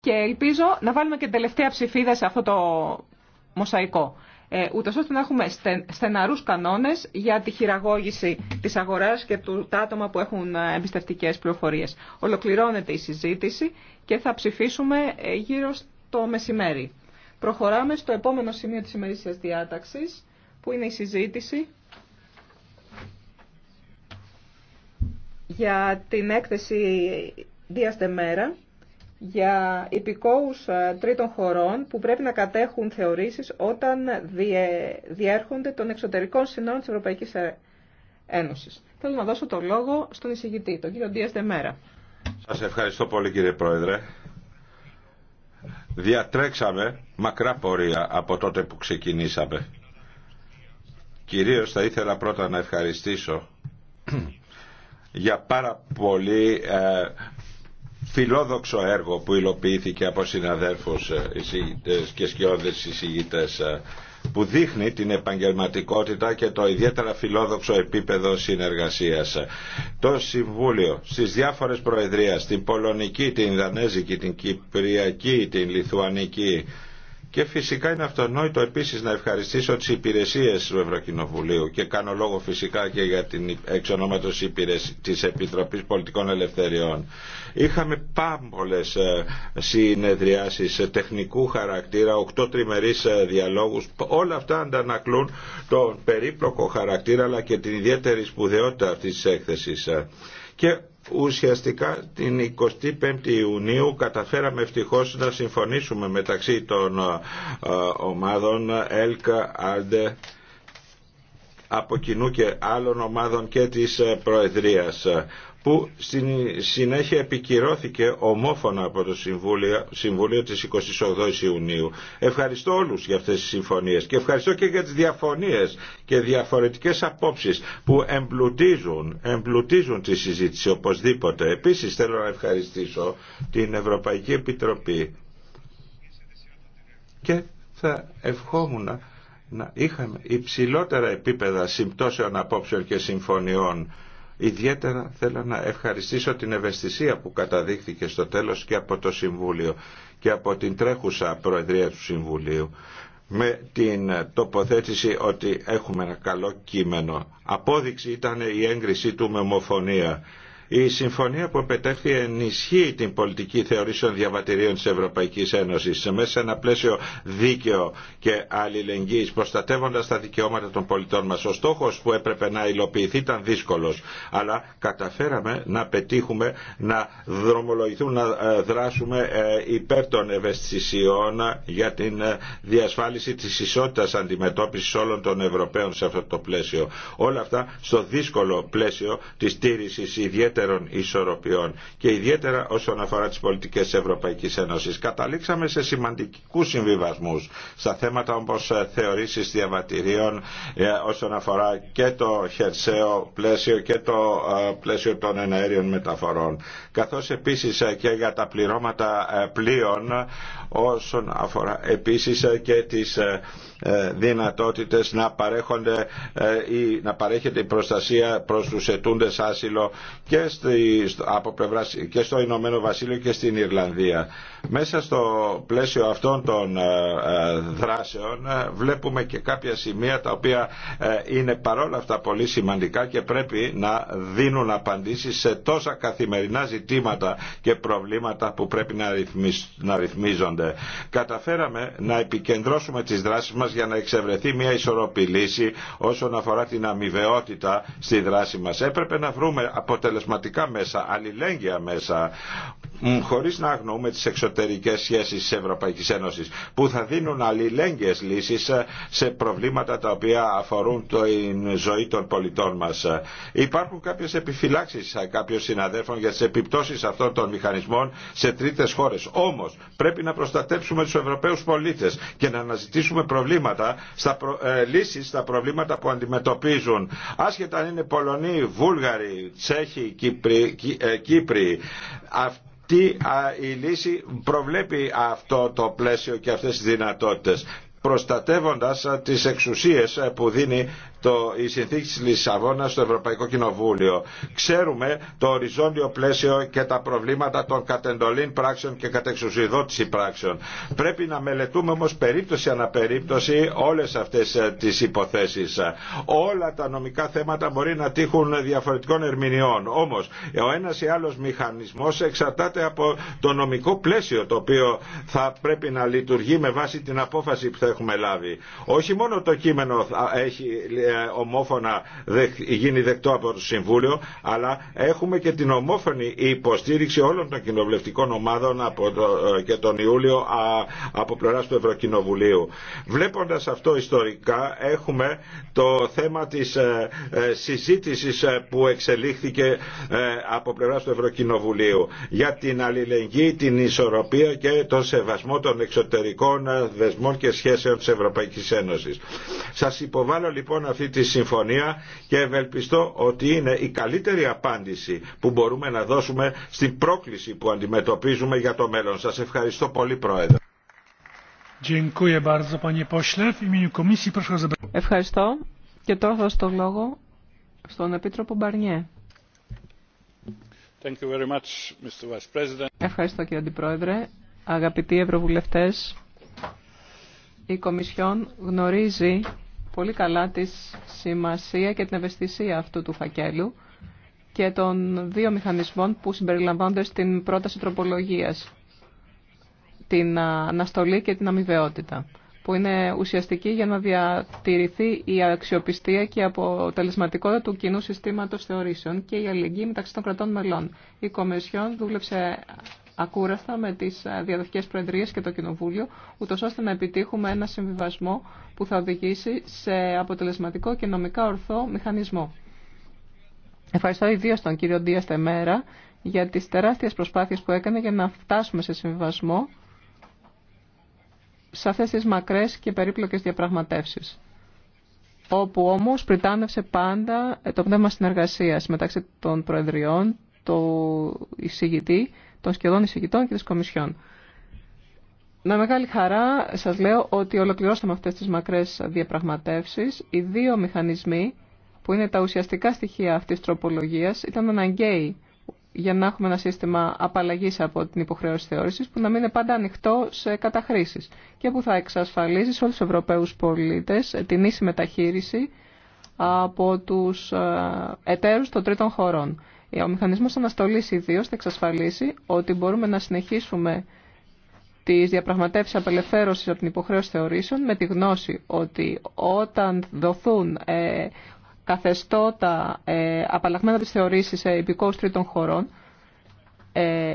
και ελπίζω να βάλουμε και την τελευταία ψηφίδα σε αυτό το μοσαϊκό. Ε, ούτως ώστε να έχουμε στεναρούς κανόνες για τη χειραγώγηση της αγοράς και του, τα άτομα που έχουν ε, εμπιστευτικές πληροφορίες. Ολοκληρώνεται η συζήτηση και θα ψηφίσουμε ε, γύρω στο μεσημέρι. Προχωράμε στο επόμενο σημείο της ημερήσιας διάταξης που είναι η συζήτηση για την έκθεση Δίας μέρα για υπηκόους ε, τρίτων χωρών που πρέπει να κατέχουν θεωρήσεις όταν διέρχονται των εξωτερικών συνόρων της Ευρωπαϊκής ε, Ένωσης. Θέλω να δώσω το λόγο στον εισηγητή, τον κύριο Ντίας Δεμέρα. Σας ευχαριστώ πολύ κύριε Πρόεδρε. Διατρέξαμε μακρά πορεία από τότε που ξεκινήσαμε. Κυρίως θα ήθελα πρώτα να ευχαριστήσω για πάρα πολύ ε, φιλόδοξο έργο που υλοποιήθηκε από συναδέλφους ε, και σκιώδες εισηγητές ε, που δείχνει την επαγγελματικότητα και το ιδιαίτερα φιλόδοξο επίπεδο συνεργασίας. Το Συμβούλιο στις διάφορες προεδρίες, την Πολωνική, την Ιδανέζικη, την Κυπριακή, την Λιθουανική, και φυσικά είναι αυτονόητο επίσης να ευχαριστήσω τις υπηρεσίες του Ευρωκοινοβουλίου και κάνω λόγο φυσικά και για την εξονόματος της Επιτροπής Πολιτικών Ελευθεριών. Είχαμε πάμπολες ε, συνεδριάσεις τεχνικού χαρακτήρα, οκτώ τριμερεί ε, διαλόγου, Όλα αυτά αντανακλούν τον περίπλοκο χαρακτήρα αλλά και την ιδιαίτερη σπουδαιότητα αυτή τη έκθεση. Ε, και Ουσιαστικά την 25η Ιουνίου καταφέραμε ευτυχώς να συμφωνήσουμε μεταξύ των ε, ε, ομάδων ΕΛΚΑ, ΑΛΔΕ από κοινού και άλλων ομάδων και της ε, Προεδρίας ε, που στην συνέχεια επικυρώθηκε ομόφωνα από το Συμβούλιο, Συμβούλιο της 28 Ιουνίου. Ευχαριστώ όλους για αυτές τις συμφωνίες και ευχαριστώ και για τις διαφωνίες και διαφορετικές απόψεις που εμπλουτίζουν, εμπλουτίζουν τη συζήτηση οπωσδήποτε. Επίσης θέλω να ευχαριστήσω την Ευρωπαϊκή Επιτροπή και θα ευχόμουν να είχαμε υψηλότερα επίπεδα συμπτώσεων απόψεων και συμφωνιών. Ιδιαίτερα θέλω να ευχαριστήσω την ευαισθησία που καταδείχθηκε στο τέλος και από το Συμβούλιο και από την τρέχουσα Προεδρία του Συμβουλίου με την τοποθέτηση ότι έχουμε ένα καλό κείμενο. Απόδειξη ήταν η έγκρισή του μεμοφωνία. Η συμφωνία που επετέφθη ενισχύει την πολιτική θεωρήσεων διαβατηρίων της Ευρωπαϊκής Ένωσης μέσα σε ένα πλαίσιο δίκαιο και αλληλεγγύης προστατεύοντας τα δικαιώματα των πολιτών μας. Ο στόχος που έπρεπε να υλοποιηθεί ήταν δύσκολος αλλά καταφέραμε να πετύχουμε να δρομολογηθούν να ε, δράσουμε ε, υπέρ των ευαισθησιών για την ε, διασφάλιση της ισότητας αντιμετώπισης όλων των Ευρωπαίων σε αυτό το πλαίσιο. Όλα αυτά στο δύσκολο πλαίσιο της τήρησης ιδιαίτερα ιδιαίτερων ισορροπιών και ιδιαίτερα όσον αφορά τις πολιτικές Ευρωπαϊκής Ένωσης. Καταλήξαμε σε σημαντικούς συμβιβασμούς στα θέματα όπως ε, θεωρήσεις διαβατηρίων ε, όσον αφορά και το χερσαίο πλαίσιο και το ε, πλαίσιο των εναέριων μεταφορών. Καθώς επίσης και για τα πληρώματα πλοίων όσον αφορά επίσης και τις ε, δυνατότητες να, παρέχονται, ε, ή να παρέχεται η προστασία προς τους ετούντες άσυλο και, στη, και στο Ηνωμένο Βασίλειο και στην Ιρλανδία. Μέσα στο πλαίσιο αυτών των ε, ε, δράσεων ε, βλέπουμε και κάποια σημεία τα οποία είναι παρόλα αυτά πολύ σημαντικά και πρέπει να δίνουν απαντήσεις σε τόσα καθημερινά ζητήματα και προβλήματα που πρέπει να ρυθμίζονται. Καταφέραμε να επικεντρώσουμε τις δράσεις μας για να εξευρεθεί μια ισορροπή λύση όσον αφορά την αμοιβαιότητα στη δράση μας. Έπρεπε να βρούμε αποτελεσματικά μέσα, αλληλέγγυα μέσα χωρίς να αγνοούμε τις εξωτερικές σχέσεις της Ευρωπαϊκής Ένωσης που θα δίνουν αλληλέγγυες λύσεις ε, σε προβλήματα τα οποία αφορούν την ζωή των πολιτών μας. Ε, υπάρχουν κάποιες επιφυλάξεις ε, κάποιων συναδέλφων για τις επιπτώσεις αυτών των μηχανισμών σε τρίτες χώρες. Όμως πρέπει να προστατέψουμε τους Ευρωπαίους πολίτες και να αναζητήσουμε προβλήματα, στα προ... λύσεις στα προβλήματα που αντιμετωπίζουν. Άσχετα αν είναι Πολωνοί, Βούλγαροι, Τσέχοι, Κύπροι, Κύπροι αυτή η λύση προβλέπει αυτό το πλαίσιο και αυτές τις δυνατότητες προστατεύοντας τις εξουσίες που δίνει το, η συνθήκη της Λισαβόνας στο Ευρωπαϊκό Κοινοβούλιο. Ξέρουμε το οριζόντιο πλαίσιο και τα προβλήματα των κατεντολήν πράξεων και κατεξουσιοδότηση πράξεων. Πρέπει να μελετούμε όμως περίπτωση αναπερίπτωση όλες αυτές ε, τις υποθέσεις. Όλα τα νομικά θέματα μπορεί να τύχουν διαφορετικών ερμηνεών. Όμως ο ένας ή άλλος μηχανισμός εξαρτάται από το νομικό πλαίσιο το οποίο θα πρέπει να λειτουργεί με βάση την απόφαση που θα έχουμε λάβει. Όχι μόνο το κείμενο έχει ε, ομόφωνα γίνει δεκτό από το Συμβούλιο, αλλά έχουμε και την ομόφωνη υποστήριξη όλων των κοινοβουλευτικών ομάδων από το, ε, και τον Ιούλιο από πλευρά του Ευρωκοινοβουλίου. Βλέποντας αυτό ιστορικά έχουμε το θέμα της ε, συζήτησης που εξελίχθηκε από πλευρά του Ευρωκοινοβουλίου για την αλληλεγγύη, την ισορροπία και τον σεβασμό των εξωτερικών δεσμών και σχέσεων της Ευρωπαϊκής Ένωσης. Σας υποβάλλω λοιπόν αυτή τη συμφωνία και ευελπιστώ ότι είναι η καλύτερη απάντηση που μπορούμε να δώσουμε στην πρόκληση που αντιμετωπίζουμε για το μέλλον. Σας ευχαριστώ πολύ Πρόεδρε. Ευχαριστώ και τώρα θα το λόγο στον Επίτροπο Μπαρνιέ. Thank you very much, Mr. Vice President. Ευχαριστώ κύριε Αντιπρόεδρε. Αγαπητοί Ευρωβουλευτές, η Κομισιόν γνωρίζει πολύ καλά τη σημασία και την ευαισθησία αυτού του φακέλου και των δύο μηχανισμών που συμπεριλαμβάνονται στην πρόταση τροπολογίας. Την αναστολή και την αμοιβαιότητα, που είναι ουσιαστική για να διατηρηθεί η αξιοπιστία και η αποτελεσματικότητα του κοινού συστήματος θεωρήσεων και η αλληλεγγύη μεταξύ των κρατών μελών. Η Κομισιόν δούλεψε ακούραστα με τι ε, διαδοχικέ προεδρίες και το Κοινοβούλιο, ούτω ώστε να επιτύχουμε ένα συμβιβασμό που θα οδηγήσει σε αποτελεσματικό και νομικά ορθό μηχανισμό. Ευχαριστώ ιδίω τον κύριο Ντία Στεμέρα για τι τεράστιε προσπάθειε που έκανε για να φτάσουμε σε συμβιβασμό σε αυτέ τι μακρέ και περίπλοκες διαπραγματεύσει. όπου όμως πριτάνευσε πάντα ε, το πνεύμα συνεργασίας μεταξύ των Προεδριών, το εισηγητή των σχεδόν εισηγητών και τη Κομισιόν. Με μεγάλη χαρά σας λέω ότι ολοκληρώσαμε αυτές τις μακρές διαπραγματεύσεις. Οι δύο μηχανισμοί που είναι τα ουσιαστικά στοιχεία αυτής της τροπολογίας ήταν αναγκαίοι για να έχουμε ένα σύστημα απαλλαγής από την υποχρέωση θεώρηση που να μην είναι πάντα ανοιχτό σε καταχρήσεις και που θα εξασφαλίζει σε όλους τους Ευρωπαίους πολίτες την ίση μεταχείριση από τους ε, εταίρους των τρίτων χωρών. Ο μηχανισμός αναστολής ιδίω θα εξασφαλίσει ότι μπορούμε να συνεχίσουμε τις διαπραγματεύσεις απελευθέρωσης από την υποχρέωση θεωρήσεων με τη γνώση ότι όταν δοθούν ε, καθεστώτα ε, απαλλαγμένα τις θεωρήσεις σε υπηκόους τρίτων χωρών, ε,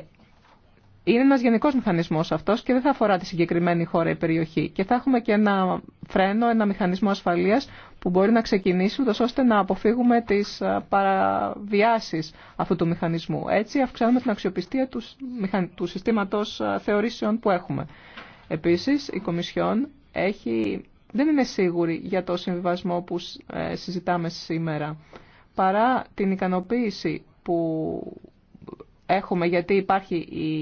είναι ένα γενικό μηχανισμό αυτό και δεν θα αφορά τη συγκεκριμένη χώρα ή περιοχή. Και θα έχουμε και ένα φρένο, ένα μηχανισμό ασφαλείας που μπορεί να ξεκινήσει ούτω ώστε να αποφύγουμε τις παραβιάσεις αυτού του μηχανισμού. Έτσι αυξάνουμε την αξιοπιστία του, του συστήματος θεωρήσεων που έχουμε. Επίσης, η Κομισιόν έχει... δεν είναι σίγουρη για το συμβιβασμό που ε, συζητάμε σήμερα παρά την ικανοποίηση που έχουμε γιατί υπάρχει η,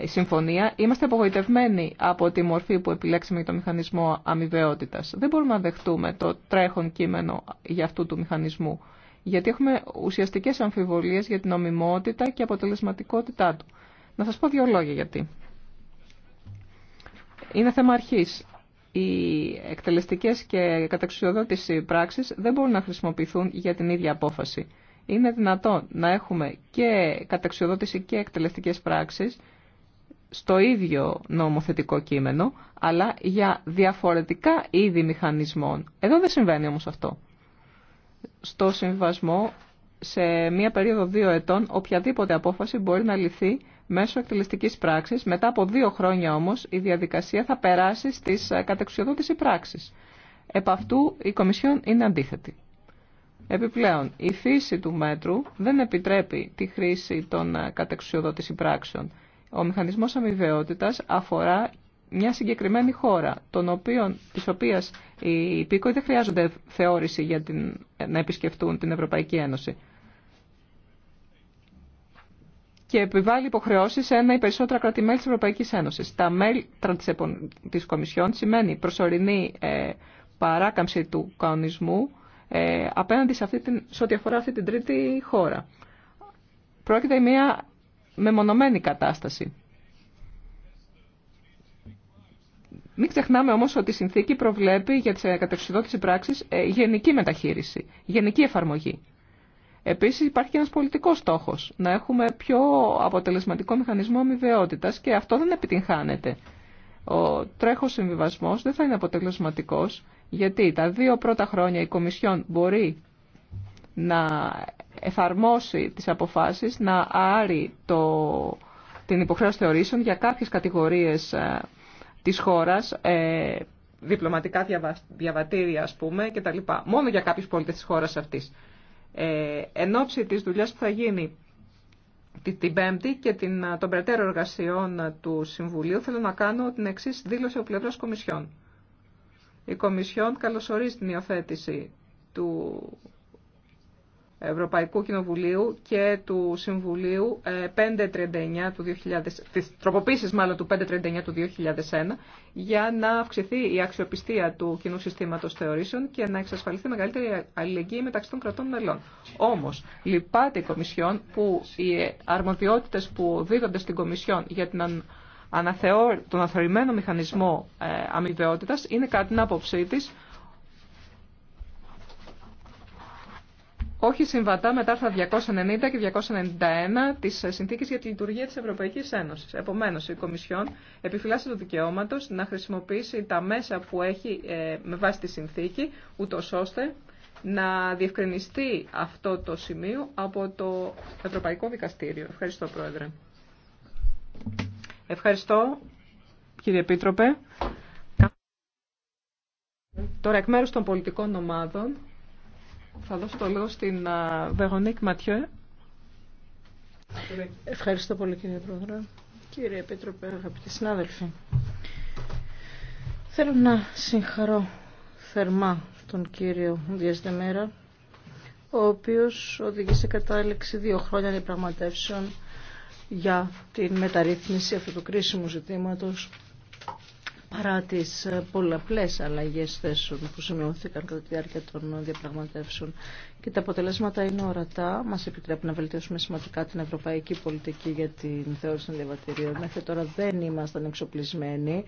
η συμφωνία, είμαστε απογοητευμένοι από τη μορφή που επιλέξαμε για το μηχανισμό αμοιβαιότητας. Δεν μπορούμε να δεχτούμε το τρέχον κείμενο για αυτού του μηχανισμού, γιατί έχουμε ουσιαστικές αμφιβολίες για την ομιμότητα και αποτελεσματικότητά του. Να σας πω δύο λόγια γιατί. Είναι θέμα αρχής. Οι εκτελεστικές και καταξιοδότηση πράξεις δεν μπορούν να χρησιμοποιηθούν για την ίδια απόφαση είναι δυνατόν να έχουμε και καταξιοδότηση και εκτελεστικές πράξεις στο ίδιο νομοθετικό κείμενο, αλλά για διαφορετικά είδη μηχανισμών. Εδώ δεν συμβαίνει όμως αυτό. Στο συμβασμό, σε μία περίοδο δύο ετών, οποιαδήποτε απόφαση μπορεί να λυθεί μέσω εκτελεστικής πράξης. Μετά από δύο χρόνια όμως, η διαδικασία θα περάσει στις κατεξιοδότηση πράξης. Επ' αυτού η Κομισιόν είναι αντίθετη. Επιπλέον, η φύση του μέτρου δεν επιτρέπει τη χρήση των ε, κατεξουσιοδότηση πράξεων. Ο μηχανισμός αμοιβαιότητας αφορά μια συγκεκριμένη χώρα, τον οποίον, της οποίας οι υπήκοοι δεν χρειάζονται θεώρηση για την, ε, να επισκεφτούν την Ευρωπαϊκή Ένωση. Και επιβάλλει υποχρεώσει σε ένα ή περισσότερα κράτη-μέλη τη Ευρωπαϊκή Ένωση. Τα μέλη της Κομισιόν σημαίνει προσωρινή ε, παράκαμψη του κανονισμού ε, απέναντι σε, αυτή την, σε ό,τι αφορά αυτή την τρίτη χώρα. Πρόκειται μια μεμονωμένη κατάσταση. Μην ξεχνάμε όμως ότι η συνθήκη προβλέπει για τις ε, κατευθυνότητες πράξεις ε, γενική μεταχείριση, γενική εφαρμογή. Επίσης υπάρχει και ένας πολιτικός στόχος, να έχουμε πιο αποτελεσματικό μηχανισμό αμοιβαιότητας και αυτό δεν επιτυγχάνεται. Ο τρέχος συμβιβασμός δεν θα είναι αποτελεσματικός γιατί τα δύο πρώτα χρόνια η Κομισιόν μπορεί να εφαρμόσει τις αποφάσεις, να άρει το, την υποχρέωση θεωρήσεων για κάποιες κατηγορίες ε, της χώρας, ε, διπλωματικά διαβατήρια ας πούμε και τα λοιπά, μόνο για κάποιους πολίτες της χώρας αυτής. Ε, εν ώψη της δουλειάς που θα γίνει την, την Πέμπτη και την, ε, των περαιτέρω εργασιών του Συμβουλίου θέλω να κάνω την εξής δήλωση ο πλευράς Κομισιόν. Η Κομισιόν καλωσορίζει την υιοθέτηση του Ευρωπαϊκού Κοινοβουλίου και του Συμβουλίου 539 ε, του 2000, της τροποποίησης μάλλον του 539 του 2001 για να αυξηθεί η αξιοπιστία του κοινού συστήματος θεωρήσεων και να εξασφαλιστεί μεγαλύτερη αλληλεγγύη μεταξύ των κρατών μελών. Όμως, λυπάται η Κομισιόν που οι αρμοδιότητες που δίδονται στην Κομισιόν για την αναθεώ, τον αθεωρημένο μηχανισμό ε, αμοιβαιότητας είναι κάτι την άποψή τη. όχι συμβατά με τα άρθρα 290 και 291 της Συνθήκης για τη Λειτουργία της Ευρωπαϊκής Ένωσης. Επομένως, η Κομισιόν επιφυλάσσει το δικαιώματο να χρησιμοποιήσει τα μέσα που έχει ε, με βάση τη Συνθήκη, ούτω ώστε να διευκρινιστεί αυτό το σημείο από το Ευρωπαϊκό Δικαστήριο. Ευχαριστώ, Πρόεδρε. Ευχαριστώ, κύριε Επίτροπε. Τώρα, εκ μέρους των πολιτικών ομάδων, θα δώσω το λόγο στην Βεγονίκ Ματιέ. Ευχαριστώ πολύ, κύριε Πρόεδρε. Κύριε Επίτροπε, αγαπητοί συνάδελφοι. Θέλω να συγχαρώ θερμά τον κύριο Διασδεμέρα, ο οποίος οδηγεί σε κατάληξη δύο χρόνια διαπραγματεύσεων για την μεταρρύθμιση αυτού του κρίσιμου ζητήματος παρά τις ε, πολλαπλές αλλαγές θέσεων που σημειώθηκαν κατά τη διάρκεια των διαπραγματεύσεων. Και τα αποτελέσματα είναι ορατά. Μας επιτρέπει να βελτιώσουμε σημαντικά την ευρωπαϊκή πολιτική για την θεώρηση των διαβατηρίων. Μέχρι τώρα δεν ήμασταν εξοπλισμένοι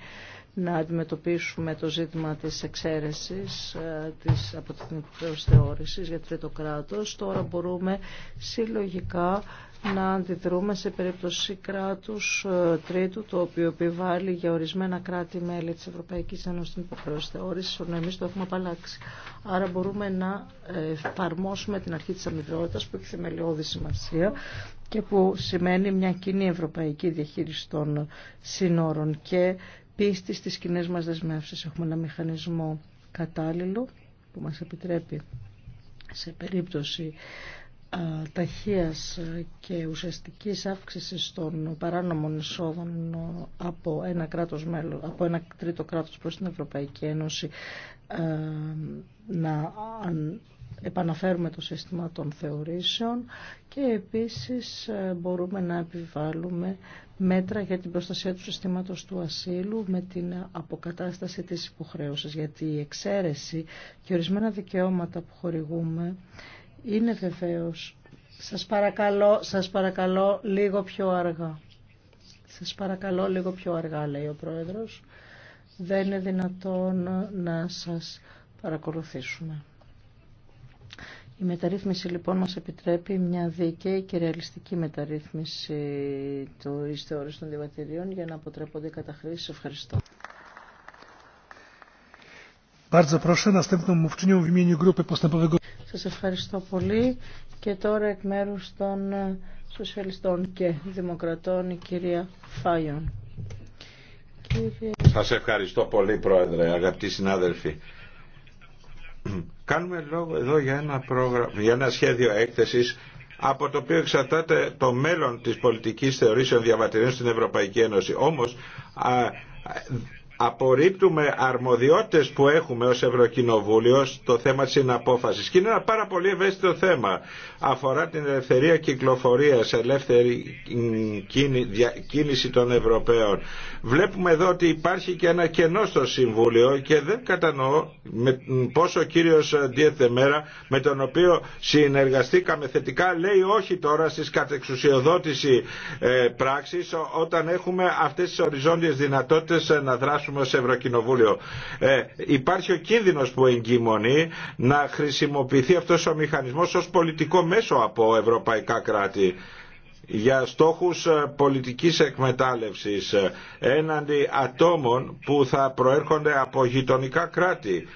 να αντιμετωπίσουμε το ζήτημα της εξαίρεσης ε, της, από την για τρίτο κράτος. Τώρα μπορούμε συλλογικά να αντιδρούμε σε περίπτωση κράτους ε, τρίτου το οποίο επιβάλλει για ορισμένα κράτη-μέλη της Ευρωπαϊκής Ένωσης την υποχρέωση θεώρηση ενώ εμείς το έχουμε απαλλάξει. Άρα μπορούμε να ε, εφαρμόσουμε την αρχή της αμοιβαιότητας που έχει θεμελιώδη σημασία και που σημαίνει μια κοινή ευρωπαϊκή διαχείριση των συνόρων και πίστη στις κοινέ μας δεσμεύσεις. Έχουμε ένα μηχανισμό κατάλληλο που μας επιτρέπει σε περίπτωση ταχείας και ουσιαστικής αύξησης των παράνομων εισόδων από ένα, κράτος μέλος, από ένα τρίτο κράτος προς την Ευρωπαϊκή Ένωση να επαναφέρουμε το σύστημα των θεωρήσεων και επίσης μπορούμε να επιβάλλουμε μέτρα για την προστασία του συστήματος του ασύλου με την αποκατάσταση της υποχρέωσης γιατί η εξαίρεση και ορισμένα δικαιώματα που χορηγούμε είναι βεβαίως. Σας παρακαλώ, σας παρακαλώ λίγο πιο αργά. Σας παρακαλώ λίγο πιο αργά, λέει ο Πρόεδρος. Δεν είναι δυνατόν να σας παρακολουθήσουμε. Η μεταρρύθμιση λοιπόν μας επιτρέπει μια δίκαιη και ρεαλιστική μεταρρύθμιση του εις των διαβατηρίων για να αποτρέπονται καταχρήσεις. Ευχαριστώ. Σας ευχαριστώ πολύ και τώρα εκ μέρους των ε, Σοσιαλιστών και Δημοκρατών η κυρία Φάιον. Σας ευχαριστώ πολύ Πρόεδρε, αγαπητοί συνάδελφοι. Κάνουμε λόγο εδώ για ένα, σχέδιο έκθεσης από το οποίο εξαρτάται το μέλλον της πολιτικής θεωρήσεων διαβατηρίων στην Ευρωπαϊκή Ένωση. Όμως απορρίπτουμε αρμοδιότητες που έχουμε ως Ευρωκοινοβούλιο στο θέμα της συναπόφασης. Και είναι ένα πάρα πολύ ευαίσθητο θέμα. Αφορά την ελευθερία κυκλοφορίας, ελεύθερη κίνηση των Ευρωπαίων. Βλέπουμε εδώ ότι υπάρχει και ένα κενό στο Συμβούλιο και δεν κατανοώ πόσο ο κύριος Διεθεμέρα με τον οποίο συνεργαστήκαμε θετικά λέει όχι τώρα στις κατεξουσιοδότηση ε, πράξη όταν έχουμε αυτές τις οριζόντιες δυνατότητες να περάσουμε ως Ε, υπάρχει ο κίνδυνος που εγκυμονεί να χρησιμοποιηθεί αυτός ο μηχανισμός ως πολιτικό μέσο από ευρωπαϊκά κράτη για στόχους ε, πολιτικής εκμετάλλευσης ε, έναντι ατόμων που θα προέρχονται από γειτονικά κράτη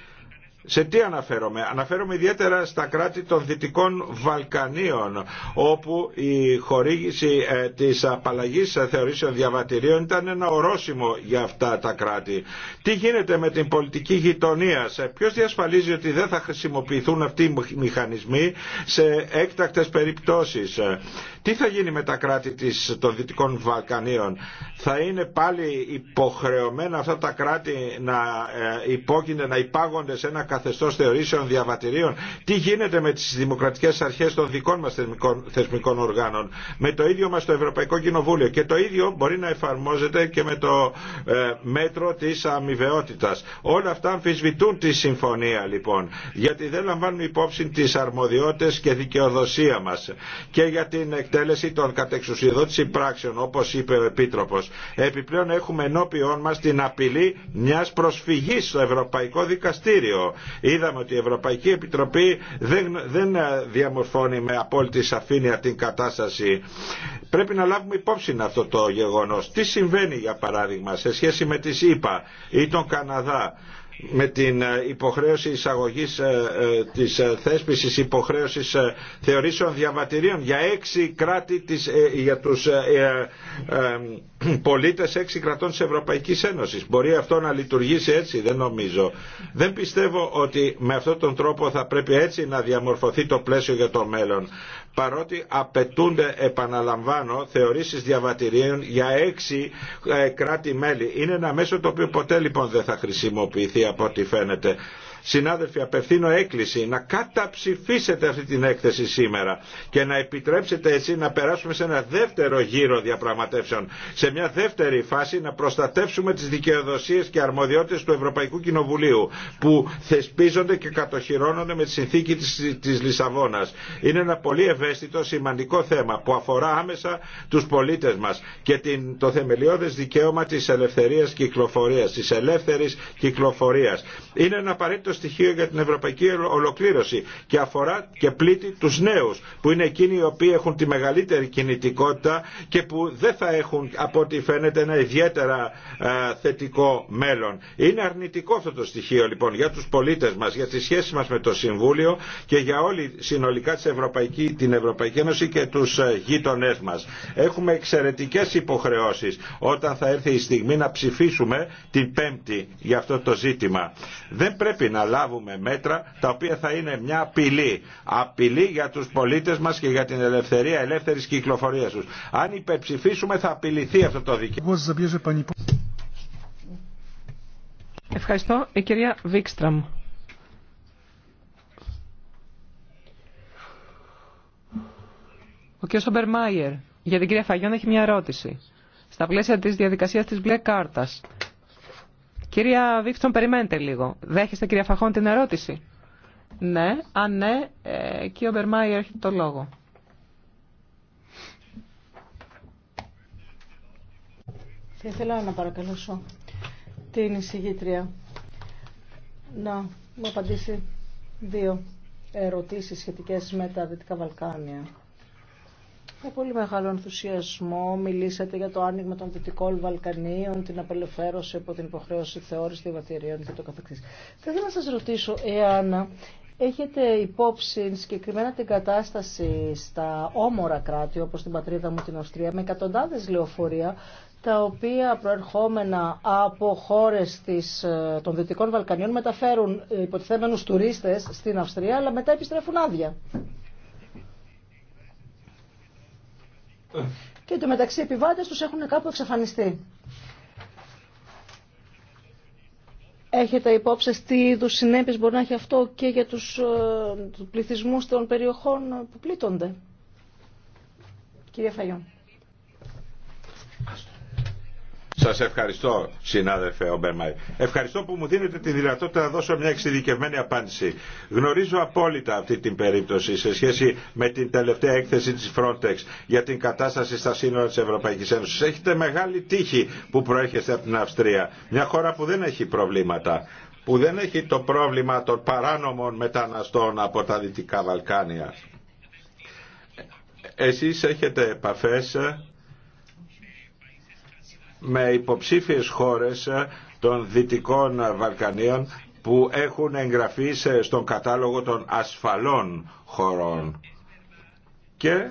σε τι αναφέρομαι. Αναφέρομαι ιδιαίτερα στα κράτη των Δυτικών Βαλκανίων όπου η χορήγηση ε, της απαλλαγής θεωρήσεων διαβατηρίων ήταν ένα ορόσημο για αυτά τα κράτη. Τι γίνεται με την πολιτική γειτονία. Ποιος διασφαλίζει ότι δεν θα χρησιμοποιηθούν αυτοί οι μηχανισμοί σε έκτακτες περιπτώσεις. Τι θα γίνει με τα κράτη της, των Δυτικών Βαλκανίων. Θα είναι πάλι υποχρεωμένα αυτά τα κράτη να ε, υπόκεινται, να υπάγονται σε ένα καθεστώ θεωρήσεων διαβατηρίων. Τι γίνεται με τι δημοκρατικέ αρχέ των δικών μα θεσμικών, θεσμικών οργάνων. Με το ίδιο μα το Ευρωπαϊκό Κοινοβούλιο. Και το ίδιο μπορεί να εφαρμόζεται και με το ε, μέτρο τη αμοιβαιότητα. Όλα αυτά αμφισβητούν τη συμφωνία λοιπόν. Γιατί δεν λαμβάνουν υπόψη τι αρμοδιότητε και δικαιοδοσία μα Και για την εκτέλεση των κατεξουσιοδότηση πράξεων όπω είπε ο επίτροπο, Επιπλέον έχουμε ενώπιόν μα την απειλή μια προσφυγή στο Ευρωπαϊκό Δικαστήριο είδαμε ότι η Ευρωπαϊκή Επιτροπή δεν, δεν διαμορφώνει με απόλυτη σαφήνεια την κατάσταση. Πρέπει να λάβουμε υπόψη αυτό το γεγονός. Τι συμβαίνει για παράδειγμα σε σχέση με τις ΗΠΑ ή τον Καναδά με την ε, υποχρέωση εισαγωγής ε, ε, της θέσπισης υποχρέωσης θεωρήσεων διαβατηρίων για έξι κράτη της, για τους πολίτες έξι κρατών της Ευρωπαϊκής Ένωσης. Μπορεί αυτό να λειτουργήσει έτσι, δεν νομίζω. Δεν πιστεύω ότι με αυτόν τον τρόπο θα πρέπει έτσι να διαμορφωθεί το πλαίσιο για το μέλλον παρότι απαιτούνται, επαναλαμβάνω, θεωρήσεις διαβατηρίων για έξι ε, κράτη-μέλη. Είναι ένα μέσο το οποίο ποτέ λοιπόν δεν θα χρησιμοποιηθεί από ό,τι φαίνεται. Συνάδελφοι, απευθύνω έκκληση να καταψηφίσετε αυτή την έκθεση σήμερα και να επιτρέψετε έτσι να περάσουμε σε ένα δεύτερο γύρο διαπραγματεύσεων, σε μια δεύτερη φάση να προστατεύσουμε τις δικαιοδοσίες και αρμοδιότητες του Ευρωπαϊκού Κοινοβουλίου που θεσπίζονται και κατοχυρώνονται με τη συνθήκη της, Λισαβόνα. Λισαβόνας. Είναι ένα πολύ ευαίσθητο σημαντικό θέμα που αφορά άμεσα τους πολίτες μας και την, το θεμελιώδες δικαίωμα της ελευθερίας κυκλοφορίας, της ελεύθερης κυκλοφορίας. Είναι ένα απαραίτητο απαραίτητο στοιχείο για την ευρωπαϊκή ολοκλήρωση και αφορά και πλήττει τους νέους που είναι εκείνοι οι οποίοι έχουν τη μεγαλύτερη κινητικότητα και που δεν θα έχουν από ό,τι φαίνεται ένα ιδιαίτερα ε, θετικό μέλλον. Είναι αρνητικό αυτό το στοιχείο λοιπόν για τους πολίτες μας, για τη σχέση μας με το Συμβούλιο και για όλη συνολικά της Ευρωπαϊκή, την Ευρωπαϊκή Ένωση και τους ε, γείτονές μας. Έχουμε εξαιρετικές υποχρεώσεις όταν θα έρθει η στιγμή να ψηφίσουμε την Πέμπτη για αυτό το ζήτημα. Δεν πρέπει να να λάβουμε μέτρα τα οποία θα είναι μια απειλή. Απειλή για τους πολίτες μας και για την ελευθερία ελεύθερης κυκλοφορίας τους. Αν υπεψηφίσουμε θα απειληθεί αυτό το δικαίωμα. Ευχαριστώ. Η κυρία Βίκστραμ. Ο κ. Σόμπερ για την κυρία Φαγιόν έχει μια ερώτηση. Στα πλαίσια της διαδικασίας της μπλε κάρτας, Κυρία Βίφτσον, περιμένετε λίγο. Δέχεστε, κυρία Φαχών, την ερώτηση. Ναι, αν ναι, ε, κύριο Μπερμάη έρχεται το λόγο. Θα ήθελα να παρακαλώσω την εισηγήτρια να μου απαντήσει δύο ερωτήσεις σχετικές με τα Δυτικά Βαλκάνια. Με πολύ μεγάλο ενθουσιασμό μιλήσατε για το άνοιγμα των Δυτικών Βαλκανίων, την απελευθέρωση από την υποχρέωση θεώρηση διαβατηρίων και το καθεξής. Θα ήθελα να σας ρωτήσω εάν έχετε υπόψη συγκεκριμένα την κατάσταση στα όμορα κράτη, όπως την πατρίδα μου την Αυστρία, με εκατοντάδες λεωφορεία, τα οποία προερχόμενα από χώρες της, ε, των Δυτικών Βαλκανίων μεταφέρουν ε, υποτιθέμενους τουρίστες στην Αυστρία, αλλά μετά επιστρέφουν άδεια. Και το μεταξύ επιβάτες τους έχουν κάπου εξαφανιστεί. Έχετε υπόψη τι είδους συνέπειες μπορεί να έχει αυτό και για τους ε, του πληθυσμούς των περιοχών που πλήττονται. Κυρία Φαγιόν. Σας ευχαριστώ συνάδελφε Ομπερμαϊ. Ευχαριστώ που μου δίνετε τη δυνατότητα να δώσω μια εξειδικευμένη απάντηση. Γνωρίζω απόλυτα αυτή την περίπτωση σε σχέση με την τελευταία έκθεση της Frontex για την κατάσταση στα σύνορα της Ευρωπαϊκής Ένωσης. Έχετε μεγάλη τύχη που προέρχεστε από την Αυστρία. Μια χώρα που δεν έχει προβλήματα που δεν έχει το πρόβλημα των παράνομων μεταναστών από τα Δυτικά Βαλκάνια. Εσείς έχετε επαφές με υποψήφιες χώρες των Δυτικών Βαλκανίων που έχουν εγγραφεί στον κατάλογο των ασφαλών χωρών. Και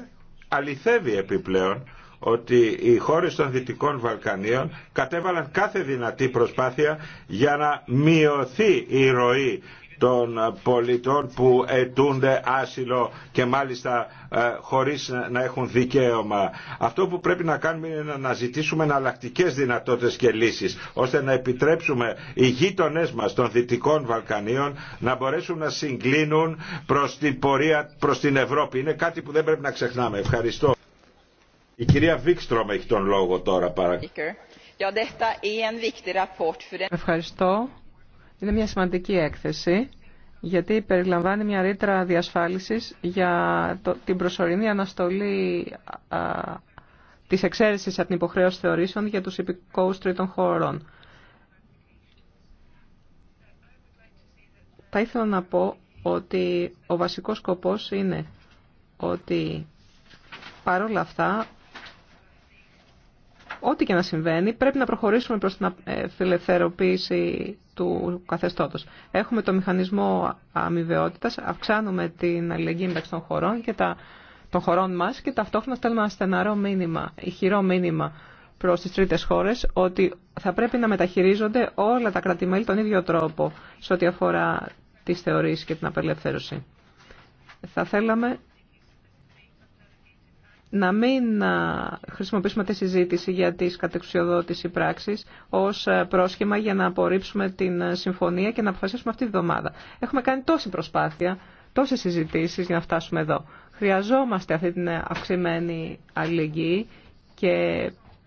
αληθεύει επιπλέον ότι οι χώρες των Δυτικών Βαλκανίων κατέβαλαν κάθε δυνατή προσπάθεια για να μειωθεί η ροή των πολιτών που ετούνται άσυλο και μάλιστα ε, χωρίς να έχουν δικαίωμα. Αυτό που πρέπει να κάνουμε είναι να αναζητήσουμε εναλλακτικέ δυνατότητες και λύσεις ώστε να επιτρέψουμε οι γείτονέ μας των Δυτικών Βαλκανίων να μπορέσουν να συγκλίνουν προς την πορεία προς την Ευρώπη. Είναι κάτι που δεν πρέπει να ξεχνάμε. Ευχαριστώ. Η κυρία Βίξτρομ έχει τον λόγο τώρα παρακαλώ. Ευχαριστώ. Είναι μια σημαντική έκθεση γιατί περιλαμβάνει μια ρήτρα διασφάλισης για την προσωρινή αναστολή α, της εξαίρεσης από την υποχρέωση θεωρήσεων για τους υπηκόους τρίτων χωρών. Θα ήθελα να πω ότι ο βασικός σκοπός είναι ότι παρόλα αυτά ό,τι και να συμβαίνει πρέπει να προχωρήσουμε προς την απελευθεροποίηση του καθεστώτος. Έχουμε το μηχανισμό αμοιβαιότητα, αυξάνουμε την αλληλεγγύη μεταξύ των χωρών και τα, των χωρών μας και ταυτόχρονα στέλνουμε ένα στεναρό μήνυμα, ηχηρό μήνυμα προς τι τρίτε χώρες ότι θα πρέπει να μεταχειρίζονται όλα τα κρατημέλη τον ίδιο τρόπο σε ό,τι αφορά τι θεωρίε και την απελευθέρωση. Θα θέλαμε να μην χρησιμοποιήσουμε τη συζήτηση για τις κατεξουσιοδότηση πράξης ως πρόσχημα για να απορρίψουμε την συμφωνία και να αποφασίσουμε αυτή τη βδομάδα. Έχουμε κάνει τόση προσπάθεια, τόσες συζητήσεις για να φτάσουμε εδώ. Χρειαζόμαστε αυτή την αυξημένη αλληλεγγύη και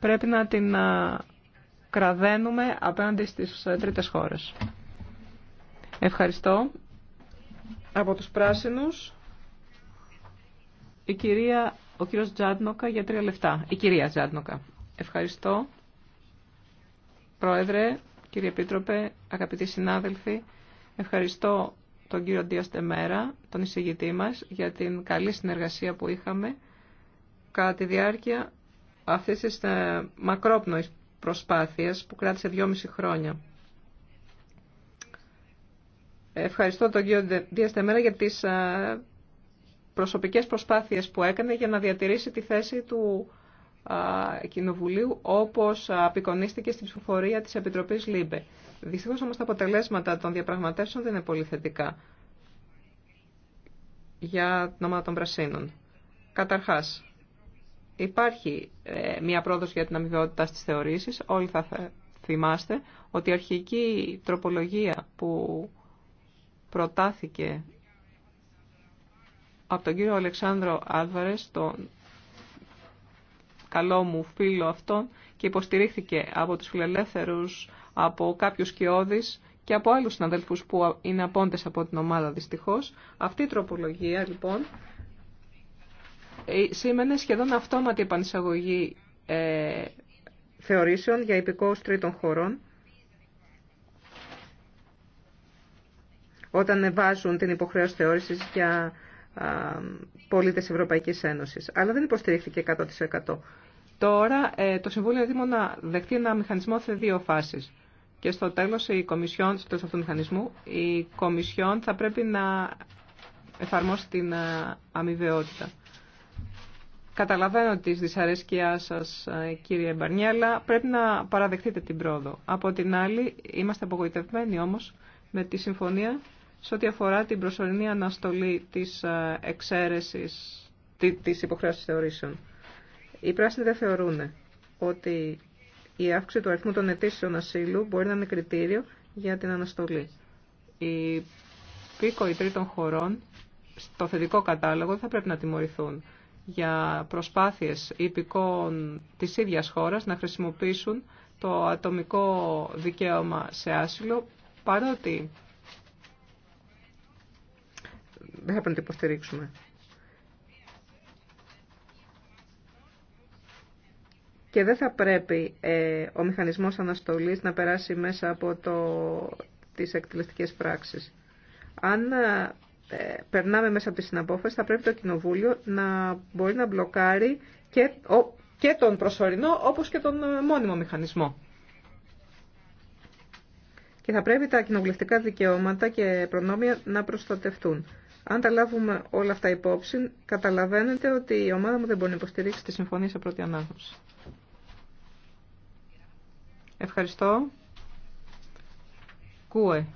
πρέπει να την κραδένουμε απέναντι στις τρίτες χώρες. Ευχαριστώ. Από τους πράσινους, η κυρία ο κύριος Τζάντνοκα για τρία λεφτά. Η κυρία Τζάντνοκα. Ευχαριστώ. Πρόεδρε, κύριε Επίτροπε, αγαπητοί συνάδελφοι, ευχαριστώ τον κύριο Ντίας Τεμέρα, τον εισηγητή μας, για την καλή συνεργασία που είχαμε κατά τη διάρκεια αυτής της ε, μακρόπνοης προσπάθειας που κράτησε δυόμιση χρόνια. Ευχαριστώ τον κύριο Ντίας Τεμέρα για τις ε, προσωπικές προσπάθειες που έκανε για να διατηρήσει τη θέση του Κοινοβουλίου όπως απεικονίστηκε στην ψηφοφορία της Επιτροπής ΛΥΜΠΕ. Δυστυχώς όμως τα αποτελέσματα των διαπραγματεύσεων δεν είναι πολύ θετικά για την ομάδα των Πρασίνων. Καταρχάς, υπάρχει ε, μια πρόοδος για την αμοιβαιότητα στις θεωρήσεις. Όλοι θα θυμάστε ότι η αρχική τροπολογία που προτάθηκε από τον κύριο Αλεξάνδρο Άλβαρες, τον καλό μου φίλο αυτόν και υποστηρίχθηκε από τους φιλελεύθερους, από κάποιους κοιόδης και από άλλους συναδελφούς που είναι απόντες από την ομάδα δυστυχώς. Αυτή η τροπολογία λοιπόν ε, σήμαινε σχεδόν αυτόματη επανεισαγωγή ε, θεωρήσεων για υπηκόους τρίτων χωρών όταν βάζουν την υποχρέωση θεώρησης για πολίτε Ευρωπαϊκή Ένωση. Αλλά δεν υποστηρίχθηκε 100%. Τώρα ε, το Συμβούλιο Δήμονα να δεχτεί ένα μηχανισμό σε δύο φάσεις. Και στο τέλος, η Κομισιόν, στο τέλος αυτού του μηχανισμού, η Κομισιόν θα πρέπει να εφαρμόσει την ε, αμοιβαιότητα. Καταλαβαίνω τη δυσαρέσκειά σας, ε, κύριε Μπαρνιέλα, πρέπει να παραδεχτείτε την πρόοδο. Από την άλλη, είμαστε απογοητευμένοι όμω, με τη συμφωνία σε ό,τι αφορά την προσωρινή αναστολή της ε, εξαίρεσης της υποχρέωσης θεωρήσεων. Οι πράσινοι δεν θεωρούν ότι η αύξηση του αριθμού των αιτήσεων ασύλου μπορεί να είναι κριτήριο για την αναστολή. Οι πήκοοι τρίτων χωρών στο θετικό κατάλογο θα πρέπει να τιμωρηθούν για προσπάθειες υπηκών της ίδιας χώρας να χρησιμοποιήσουν το ατομικό δικαίωμα σε άσυλο παρότι δεν θα πρέπει να το υποστηρίξουμε. Και δεν θα πρέπει ε, ο μηχανισμός αναστολής να περάσει μέσα από το, τις εκτελεστικές πράξεις. Αν ε, περνάμε μέσα από τη συναπόφαση, θα πρέπει το Κοινοβούλιο να μπορεί να μπλοκάρει και, ο, και τον προσωρινό όπως και τον μόνιμο μηχανισμό. Και θα πρέπει τα κοινοβουλευτικά δικαιώματα και προνόμια να προστατευτούν. Αν τα λάβουμε όλα αυτά υπόψη, καταλαβαίνετε ότι η ομάδα μου δεν μπορεί να υποστηρίξει τη συμφωνία σε πρώτη ανάγνωση. Ευχαριστώ. Κούε.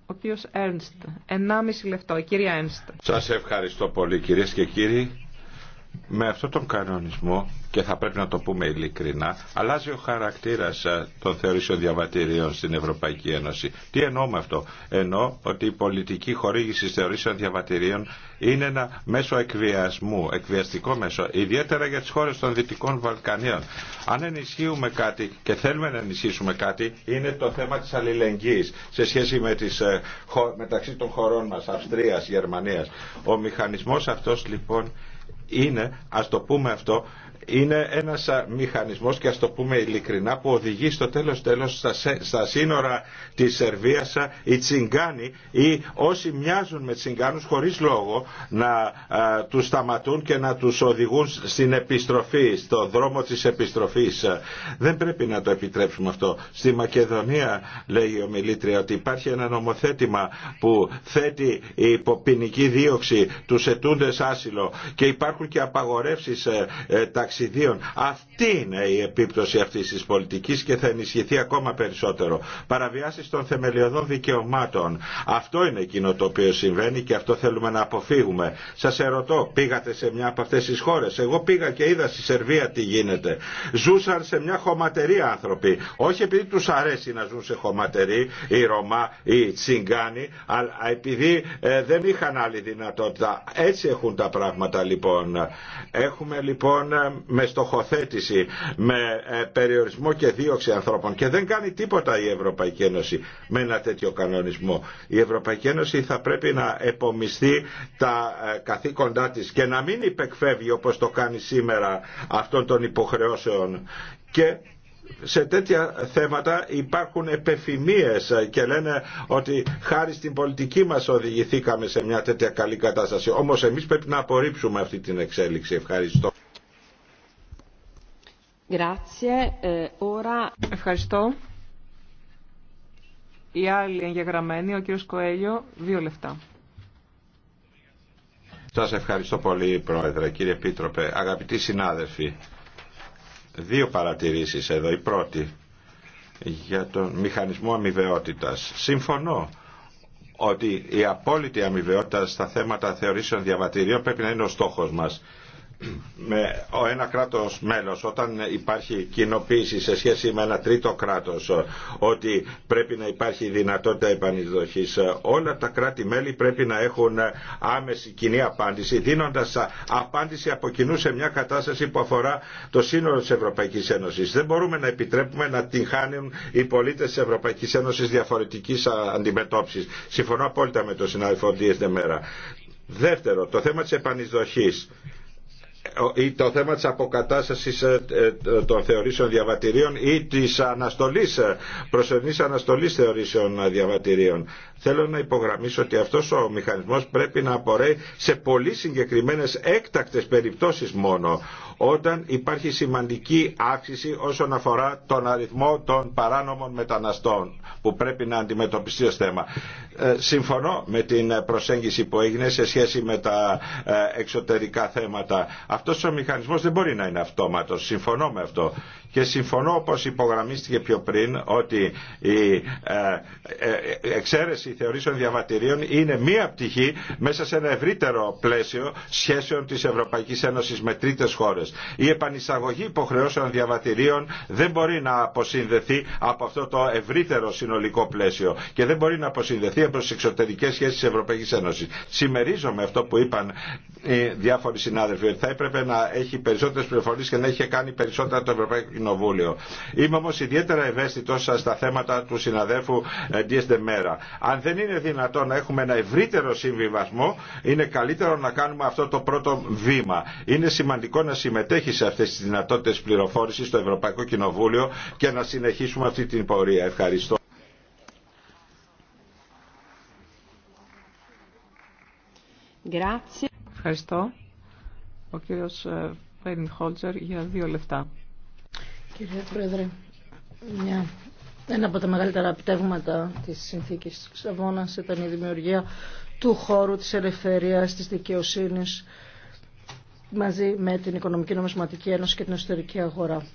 Ο οποίος Έρνστ. 1,5 λεπτό. Η κυρία Έρνστ. Σας ευχαριστώ πολύ κυρίες και κύριοι με αυτόν τον κανονισμό και θα πρέπει να το πούμε ειλικρινά, αλλάζει ο χαρακτήρας ε, των θεωρήσεων διαβατηρίων στην Ευρωπαϊκή Ένωση. Τι εννοώ με αυτό. Εννοώ ότι η πολιτική χορήγηση θεωρήσεων διαβατηρίων είναι ένα μέσο εκβιασμού, εκβιαστικό μέσο, ιδιαίτερα για τι χώρε των Δυτικών Βαλκανίων. Αν ενισχύουμε κάτι και θέλουμε να ενισχύσουμε κάτι, είναι το θέμα της αλληλεγγύης σε σχέση με τις, ε, μεταξύ των χωρών μα, Αυστρία, Γερμανία. Ο μηχανισμό αυτό λοιπόν είναι, ας το πούμε αυτό, είναι ένας μηχανισμός και ας το πούμε ειλικρινά που οδηγεί στο τέλος τέλος στα, σύνορα της Σερβίας οι τσιγκάνοι ή όσοι μοιάζουν με τσιγκάνους χωρίς λόγο να τους σταματούν και να τους οδηγούν στην επιστροφή, στο δρόμο της επιστροφής. Δεν πρέπει να το επιτρέψουμε αυτό. Στη Μακεδονία λέει ο ομιλήτρια ότι υπάρχει ένα νομοθέτημα που θέτει η ποινική δίωξη τους ετούντες άσυλο και υπάρχουν και απαγορεύσεις ε, ε ταξιδίων. Αυτή είναι η επίπτωση αυτή τη πολιτική και θα ενισχυθεί ακόμα περισσότερο. Παραβιάσεις των θεμελιωδών δικαιωμάτων. Αυτό είναι εκείνο το οποίο συμβαίνει και αυτό θέλουμε να αποφύγουμε. Σα ερωτώ, πήγατε σε μια από αυτέ τι χώρε. Εγώ πήγα και είδα στη Σερβία τι γίνεται. Ζούσαν σε μια χωματερή άνθρωποι. Όχι επειδή του αρέσει να ζουν σε χωματερή, οι Ρωμά, οι Τσιγκάνοι, αλλά επειδή ε, δεν είχαν άλλη δυνατότητα. Έτσι έχουν τα πράγματα λοιπόν. Έχουμε λοιπόν ε, με στοχοθέτηση, με ε, περιορισμό και δίωξη ανθρώπων και δεν κάνει τίποτα η Ευρωπαϊκή Ένωση με ένα τέτοιο κανονισμό. Η Ευρωπαϊκή Ένωση θα πρέπει να επομιστεί τα ε, καθήκοντά της και να μην υπεκφεύγει όπως το κάνει σήμερα αυτών των υποχρεώσεων και σε τέτοια θέματα υπάρχουν επεφημίες και λένε ότι χάρη στην πολιτική μας οδηγηθήκαμε σε μια τέτοια καλή κατάσταση. Όμως εμείς πρέπει να απορρίψουμε αυτή την εξέλιξη. Ευχαριστώ. Ε, ευχαριστώ. Η άλλη εγγεγραμμένη, ο κύριος Κοέλιο, δύο λεφτά. Σας ευχαριστώ πολύ, Πρόεδρε, κύριε πίτροπε, Αγαπητοί συνάδελφοι, δύο παρατηρήσεις εδώ. Η πρώτη, για τον μηχανισμό αμοιβαιότητας. Συμφωνώ ότι η απόλυτη αμοιβαιότητα στα θέματα θεωρήσεων διαβατηρίων πρέπει να είναι ο στόχος μας με ένα κράτος μέλος όταν υπάρχει κοινοποίηση σε σχέση με ένα τρίτο κράτος ότι πρέπει να υπάρχει δυνατότητα επανεισδοχής όλα τα κράτη-μέλη πρέπει να έχουν άμεση κοινή απάντηση δίνοντας απάντηση από κοινού σε μια κατάσταση που αφορά το σύνολο της Ευρωπαϊκής Ένωσης. Δεν μπορούμε να επιτρέπουμε να την χάνουν οι πολίτες της Ευρωπαϊκής Ένωσης διαφορετικής αντιμετώπισης. Συμφωνώ απόλυτα με τον συνάδελφο Δεύτερο, το θέμα της επανεισδοχή ή το θέμα της αποκατάστασης ε, ε, των θεωρήσεων διαβατηρίων ή της αναστολής, ε, προσωρινής αναστολής θεωρήσεων διαβατηρίων. Θέλω να υπογραμμίσω ότι αυτός ο μηχανισμός πρέπει να απορρέει σε πολύ συγκεκριμένες έκτακτες περιπτώσεις μόνο όταν υπάρχει σημαντική αύξηση όσον αφορά τον αριθμό των παράνομων μεταναστών που πρέπει να αντιμετωπιστεί ως θέμα. Ε, συμφωνώ με την προσέγγιση που έγινε σε σχέση με τα ε, εξωτερικά θέματα. Αυτός ο μηχανισμός δεν μπορεί να είναι αυτόματος. Συμφωνώ με αυτό. Και συμφωνώ όπως υπογραμμίστηκε πιο πριν ότι η ε, ε, ε, εξαίρεση θεωρήσεων διαβατηρίων είναι μία πτυχή μέσα σε ένα ευρύτερο πλαίσιο σχέσεων της Ευρωπαϊκής Ένωσης με τρίτες χώρες. Η επανεισαγωγή υποχρεώσεων διαβατηρίων δεν μπορεί να αποσυνδεθεί από αυτό το ευρύτερο συνολικό πλαίσιο και δεν μπορεί να αποσυνδεθεί από τις εξωτερικές σχέσεις της Ευρωπαϊκής Ένωσης. Συμμερίζομαι αυτό που είπαν οι διάφοροι συνάδελφοι ότι θα έπρεπε να έχει περισσότερες πληροφορίες και να έχει κάνει περισσότερα το Ευρωπαϊκό Κοινοβούλιο. Είμαι όμω ιδιαίτερα ευαίσθητο στα θέματα του συναδέλφου ε, Ντίες Αν δεν είναι δυνατόν να έχουμε ένα ευρύτερο συμβιβασμό, είναι καλύτερο να κάνουμε αυτό το πρώτο βήμα. Είναι σημαντικό να συμμετέχει σε αυτέ τι δυνατότητε πληροφόρηση στο Ευρωπαϊκό Κοινοβούλιο και να συνεχίσουμε αυτή την πορεία. Ευχαριστώ. Ευχαριστώ. Ο κύριος ε, Βέιν Χόλτζερ για δύο λεπτά. Κύριε Πρόεδρε, μια... ένα από τα μεγαλύτερα επιτεύγματα της συνθήκης της Ξαβώνας ήταν η δημιουργία του χώρου της ελευθερίας, της δικαιοσύνης μαζί με την Οικονομική Νομισματική Ένωση και την Εσωτερική Αγορά.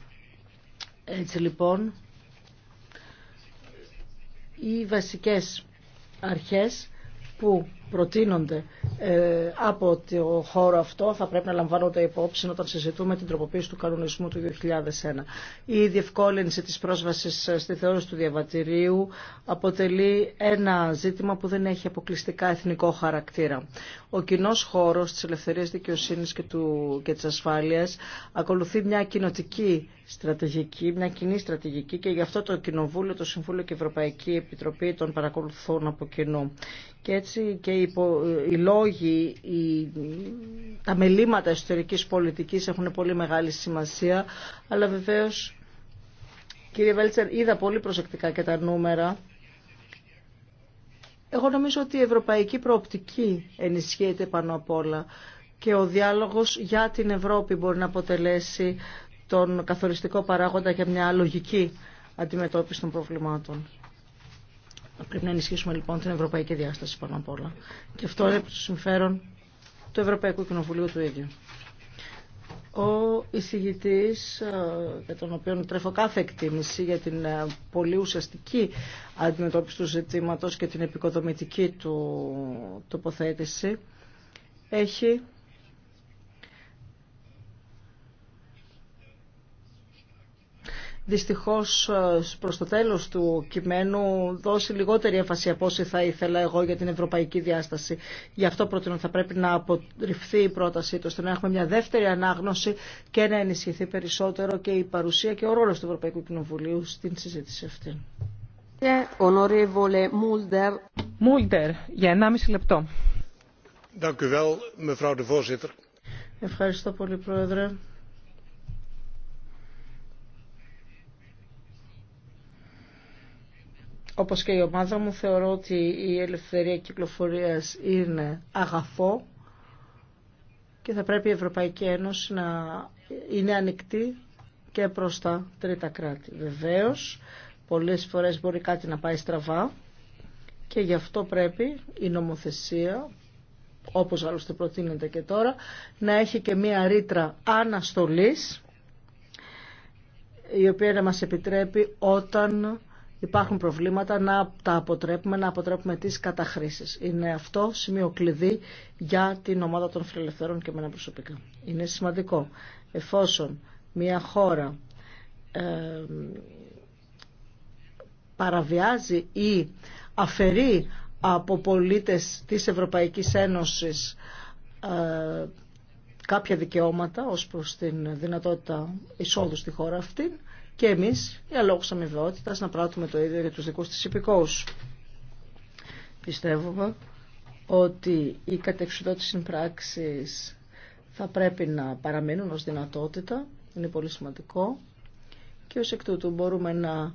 Έτσι λοιπόν, οι βασικές αρχές που προτείνονται ε, από το χώρο αυτό θα πρέπει να λαμβάνονται υπόψη όταν συζητούμε την τροποποίηση του κανονισμού του 2001. Η διευκόλυνση της πρόσβασης στη θεώρηση του διαβατηρίου αποτελεί ένα ζήτημα που δεν έχει αποκλειστικά εθνικό χαρακτήρα. Ο κοινό χώρος της ελευθερίας δικαιοσύνης και, του, και της ασφάλειας ακολουθεί μια κοινοτική στρατηγική, μια κοινή στρατηγική και γι' αυτό το Κοινοβούλιο, το Συμβούλιο και η Ευρωπαϊκή Επιτροπή τον παρακολουθούν από κοινού. Και έτσι και οι, λόγοι, τα μελήματα εσωτερικής πολιτικής έχουν πολύ μεγάλη σημασία, αλλά βεβαίως, κύριε Βέλτσερ, είδα πολύ προσεκτικά και τα νούμερα. Εγώ νομίζω ότι η ευρωπαϊκή προοπτική ενισχύεται πάνω απ' όλα και ο διάλογος για την Ευρώπη μπορεί να αποτελέσει τον καθοριστικό παράγοντα για μια λογική αντιμετώπιση των προβλημάτων. Πρέπει να ενισχύσουμε λοιπόν την ευρωπαϊκή διάσταση πάνω απ' όλα. Και αυτό είναι το συμφέρον του Ευρωπαϊκού Κοινοβουλίου του ίδιου. Ο εισηγητή, ε, για τον οποίο τρέφω κάθε εκτίμηση για την ε, πολύ ουσιαστική αντιμετώπιση του ζητήματο και την επικοδομητική του τοποθέτηση, έχει δυστυχώς ε, προς το τέλος του κειμένου δώσει λιγότερη έμφαση από όσοι θα ήθελα εγώ για την ευρωπαϊκή διάσταση. Γι' αυτό προτείνω ότι θα πρέπει να απορριφθεί η πρότασή του, ώστε να έχουμε μια δεύτερη ανάγνωση και να ενισχυθεί περισσότερο και η παρουσία και ο ρόλος του Ευρωπαϊκού Κοινοβουλίου στην συζήτηση αυτή. Ε, Μούλτερ, για 1,5 λεπτό. Ευχαριστώ πολύ, Πρόεδρε. όπως και η ομάδα μου, θεωρώ ότι η ελευθερία κυκλοφορίας είναι αγαθό και θα πρέπει η Ευρωπαϊκή Ένωση να είναι ανοιχτή και προς τα τρίτα κράτη. Βεβαίως, πολλές φορές μπορεί κάτι να πάει στραβά και γι' αυτό πρέπει η νομοθεσία, όπως άλλωστε προτείνεται και τώρα, να έχει και μία ρήτρα αναστολής, η οποία να μας επιτρέπει όταν υπάρχουν προβλήματα να τα αποτρέπουμε, να αποτρέπουμε τις καταχρήσεις. Είναι αυτό σημείο κλειδί για την ομάδα των φιλελευθερών και εμένα προσωπικά. Είναι σημαντικό. Εφόσον μια χώρα παραβιάζει ή αφαιρεί από πολίτες της Ευρωπαϊκής Ένωσης ε, κάποια δικαιώματα ως προς την δυνατότητα εισόδου στη χώρα αυτή, και εμεί, για λόγου αμοιβαιότητα, να πράττουμε το ίδιο για του δικού τη υπηκόου. Πιστεύουμε ότι οι κατεξουδότητε συμπράξεις θα πρέπει να παραμείνουν ως δυνατότητα, είναι πολύ σημαντικό και ως εκ τούτου μπορούμε να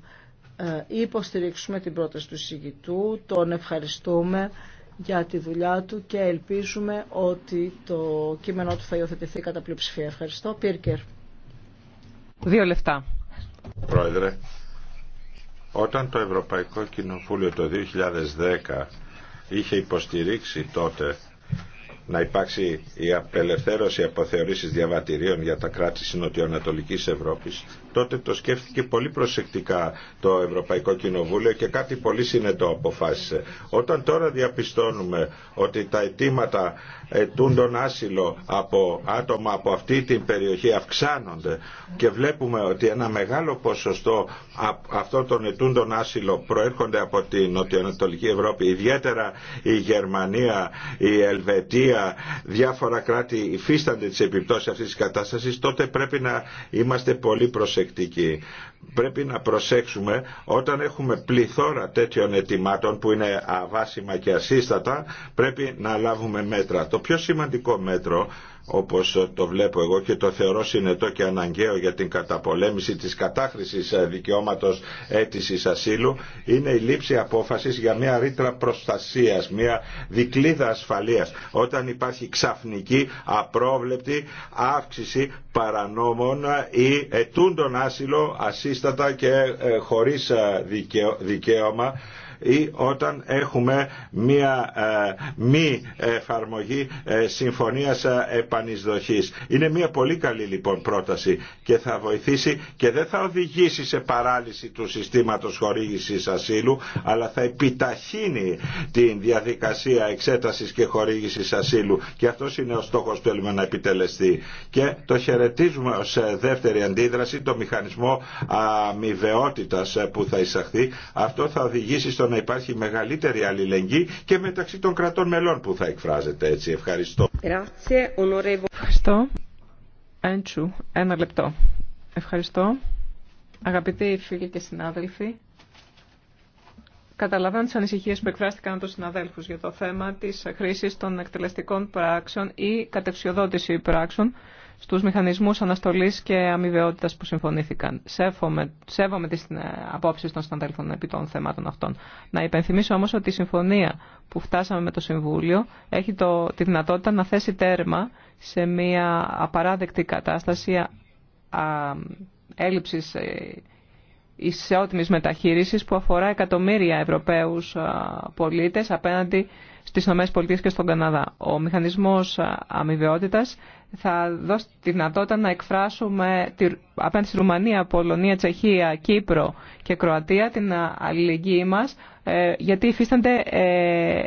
ε, υποστηρίξουμε την πρόταση του συγητού, τον ευχαριστούμε για τη δουλειά του και ελπίζουμε ότι το κείμενό του θα υιοθετηθεί κατά πλειοψηφία. Ευχαριστώ. Πίρκερ. Δύο λεφτά. Πρόεδρε. Όταν το Ευρωπαϊκό Κοινοβούλιο το 2010 είχε υποστηρίξει τότε να υπάρξει η απελευθέρωση από διαβατηρίων για τα κράτη της Νοτιοανατολικής Ευρώπης, τότε το σκέφτηκε πολύ προσεκτικά το Ευρωπαϊκό Κοινοβούλιο και κάτι πολύ συνετό αποφάσισε. Όταν τώρα διαπιστώνουμε ότι τα αιτήματα ετούντων άσυλο από άτομα από αυτή την περιοχή αυξάνονται και βλέπουμε ότι ένα μεγάλο ποσοστό αυτών των ετούντων άσυλο προέρχονται από την Νοτιοανατολική Ευρώπη, ιδιαίτερα η Γερμανία, η Ελβετία, διάφορα κράτη υφίστανται τις επιπτώσεις αυτής της κατάστασης, τότε πρέπει να είμαστε πολύ προσεκτικοί Πρέπει να προσέξουμε όταν έχουμε πληθώρα τέτοιων αιτημάτων που είναι αβάσιμα και ασύστατα πρέπει να λάβουμε μέτρα. Το πιο σημαντικό μέτρο όπως το βλέπω εγώ και το θεωρώ συνετό και αναγκαίο για την καταπολέμηση της κατάχρησης ε, δικαιώματος αίτησης ασύλου είναι η λήψη απόφασης για μια ρήτρα προστασίας, μια δικλίδα ασφαλείας όταν υπάρχει ξαφνική, απρόβλεπτη αύξηση παρανόμων ή ετούντων άσυλο ασύστατα και ε, χωρίς ε, δικαίωμα ή όταν έχουμε μία ε, μη εφαρμογή ε, συμφωνίας ε, επανεισδοχής. Είναι μία πολύ καλή λοιπόν πρόταση και θα βοηθήσει και δεν θα οδηγήσει σε παράλυση του συστήματος χορήγησης ασύλου αλλά θα επιταχύνει την διαδικασία εξέτασης και χορήγησης ασύλου και αυτό είναι ο στόχος που θέλουμε να επιτελεστεί. Και το χαιρετίζουμε σε δεύτερη αντίδραση το μηχανισμό αμοιβαιότητας που θα εισαχθεί. Αυτό θα οδηγήσει στον να υπάρχει μεγαλύτερη αλληλεγγύη και μεταξύ των κρατών μελών που θα εκφράζεται έτσι. Ευχαριστώ. Ευχαριστώ. Έντσου, ένα λεπτό. Ευχαριστώ. Αγαπητοί φίλοι και συνάδελφοι, καταλαβαίνω τις ανησυχίες που εκφράστηκαν από τους συναδέλφους για το θέμα της χρήσης των εκτελεστικών πράξεων ή κατευσιοδότηση πράξεων στους μηχανισμούς αναστολής και αμοιβαιότητα που συμφωνήθηκαν. Σέβομαι, σέβομαι τις ε, απόψεις των συναδέλφων επί των θεμάτων αυτών. Να υπενθυμίσω όμως ότι η συμφωνία που φτάσαμε με το Συμβούλιο έχει το, τη δυνατότητα να θέσει τέρμα σε μια απαράδεκτη κατάσταση α, α, έλλειψης ε, ισότιμης μεταχείρισης που αφορά εκατομμύρια Ευρωπαίους πολίτες απέναντι στις ΗΠΑ και στον Καναδά. Ο μηχανισμός αμοιβαιότητας θα δώσει τη δυνατότητα να εκφράσουμε απέναντι στη Ρουμανία, Πολωνία, Τσεχία, Κύπρο και Κροατία την αλληλεγγύη μας ε, γιατί υφίστανται ε,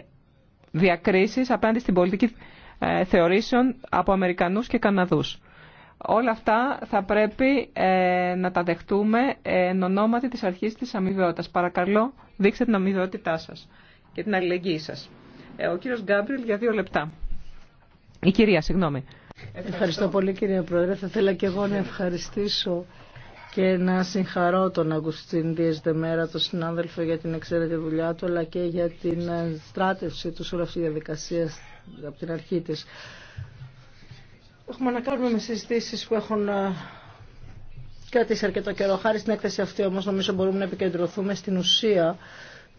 διακρίσεις απέναντι στην πολιτική ε, θεωρήσεων από Αμερικανούς και Καναδούς. Όλα αυτά θα πρέπει να τα δεχτούμε εν ονόματι της αρχής της αμοιβαιότητας. Παρακαλώ, δείξτε την αμοιβαιότητά σας και την αλληλεγγύη σας. Ο κύριος Γκάμπριλ για δύο λεπτά. Η κυρία, συγγνώμη. Ευχαριστώ. πολύ κύριε Πρόεδρε. Θα ήθελα και εγώ να ευχαριστήσω και να συγχαρώ τον Αγκουστίν Δίες Δεμέρα, τον συνάδελφο για την εξαιρετική δουλειά του, αλλά και για την ε, στράτευση του σε αυτή διαδικασία από την αρχή της. Έχουμε να κάνουμε με που έχουν ε, κρατήσει αρκετό καιρό. Χάρη στην έκθεση αυτή όμως νομίζω μπορούμε να επικεντρωθούμε στην ουσία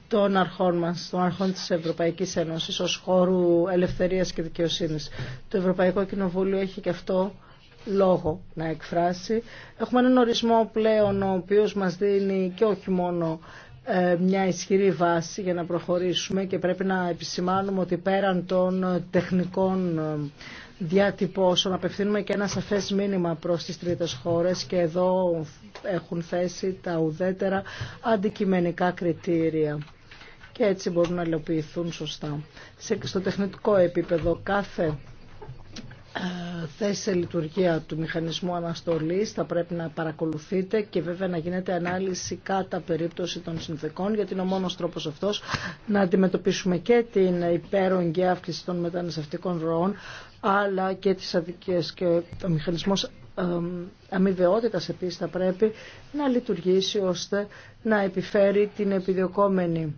των αρχών μας, των αρχών της Ευρωπαϊκής Ένωσης ως χώρου ελευθερίας και δικαιοσύνης. Το Ευρωπαϊκό Κοινοβούλιο έχει και αυτό λόγο να εκφράσει. Έχουμε έναν ορισμό πλέον ο οποίος μας δίνει και όχι μόνο ε, μια ισχυρή βάση για να προχωρήσουμε και πρέπει να επισημάνουμε ότι πέραν των τεχνικών ε, διατυπώσεων απευθύνουμε και ένα σαφές μήνυμα προς τις τρίτες χώρες και εδώ έχουν θέσει τα ουδέτερα αντικειμενικά κριτήρια και έτσι μπορούν να υλοποιηθούν σωστά. Στο τεχνητικό επίπεδο κάθε ε, θέση σε λειτουργία του μηχανισμού αναστολής θα πρέπει να παρακολουθείτε και βέβαια να γίνεται ανάλυση κατά περίπτωση των συνθεκών γιατί είναι ο μόνος τρόπος αυτός να αντιμετωπίσουμε και την υπέρογγη αύξηση των μεταναστευτικών ροών αλλά και τις αδικίες και ο μηχανισμός αμοιβαιότητας επίσης θα πρέπει να λειτουργήσει ώστε να επιφέρει την επιδιωκόμενη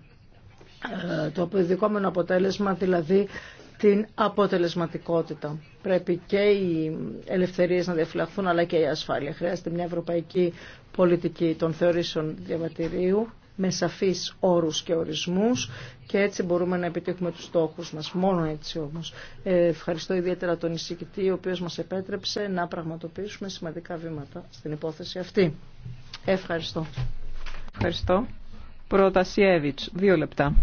ε, το ειδικόμενο αποτέλεσμα, δηλαδή την αποτελεσματικότητα. Πρέπει και οι ελευθερίες να διαφυλαχθούν αλλά και η ασφάλεια. Χρειάζεται μια ευρωπαϊκή πολιτική των θεωρήσεων διαβατηρίου με σαφείς όρους και ορισμούς και έτσι μπορούμε να επιτύχουμε τους στόχους μας. Μόνο έτσι όμως. Ε, ευχαριστώ ιδιαίτερα τον εισηγητή ο οποίος μας επέτρεψε να πραγματοποιήσουμε σημαντικά βήματα στην υπόθεση αυτή. Ευχαριστώ. Ευχαριστώ. Προτασιέβιτς, δύο λεπτά.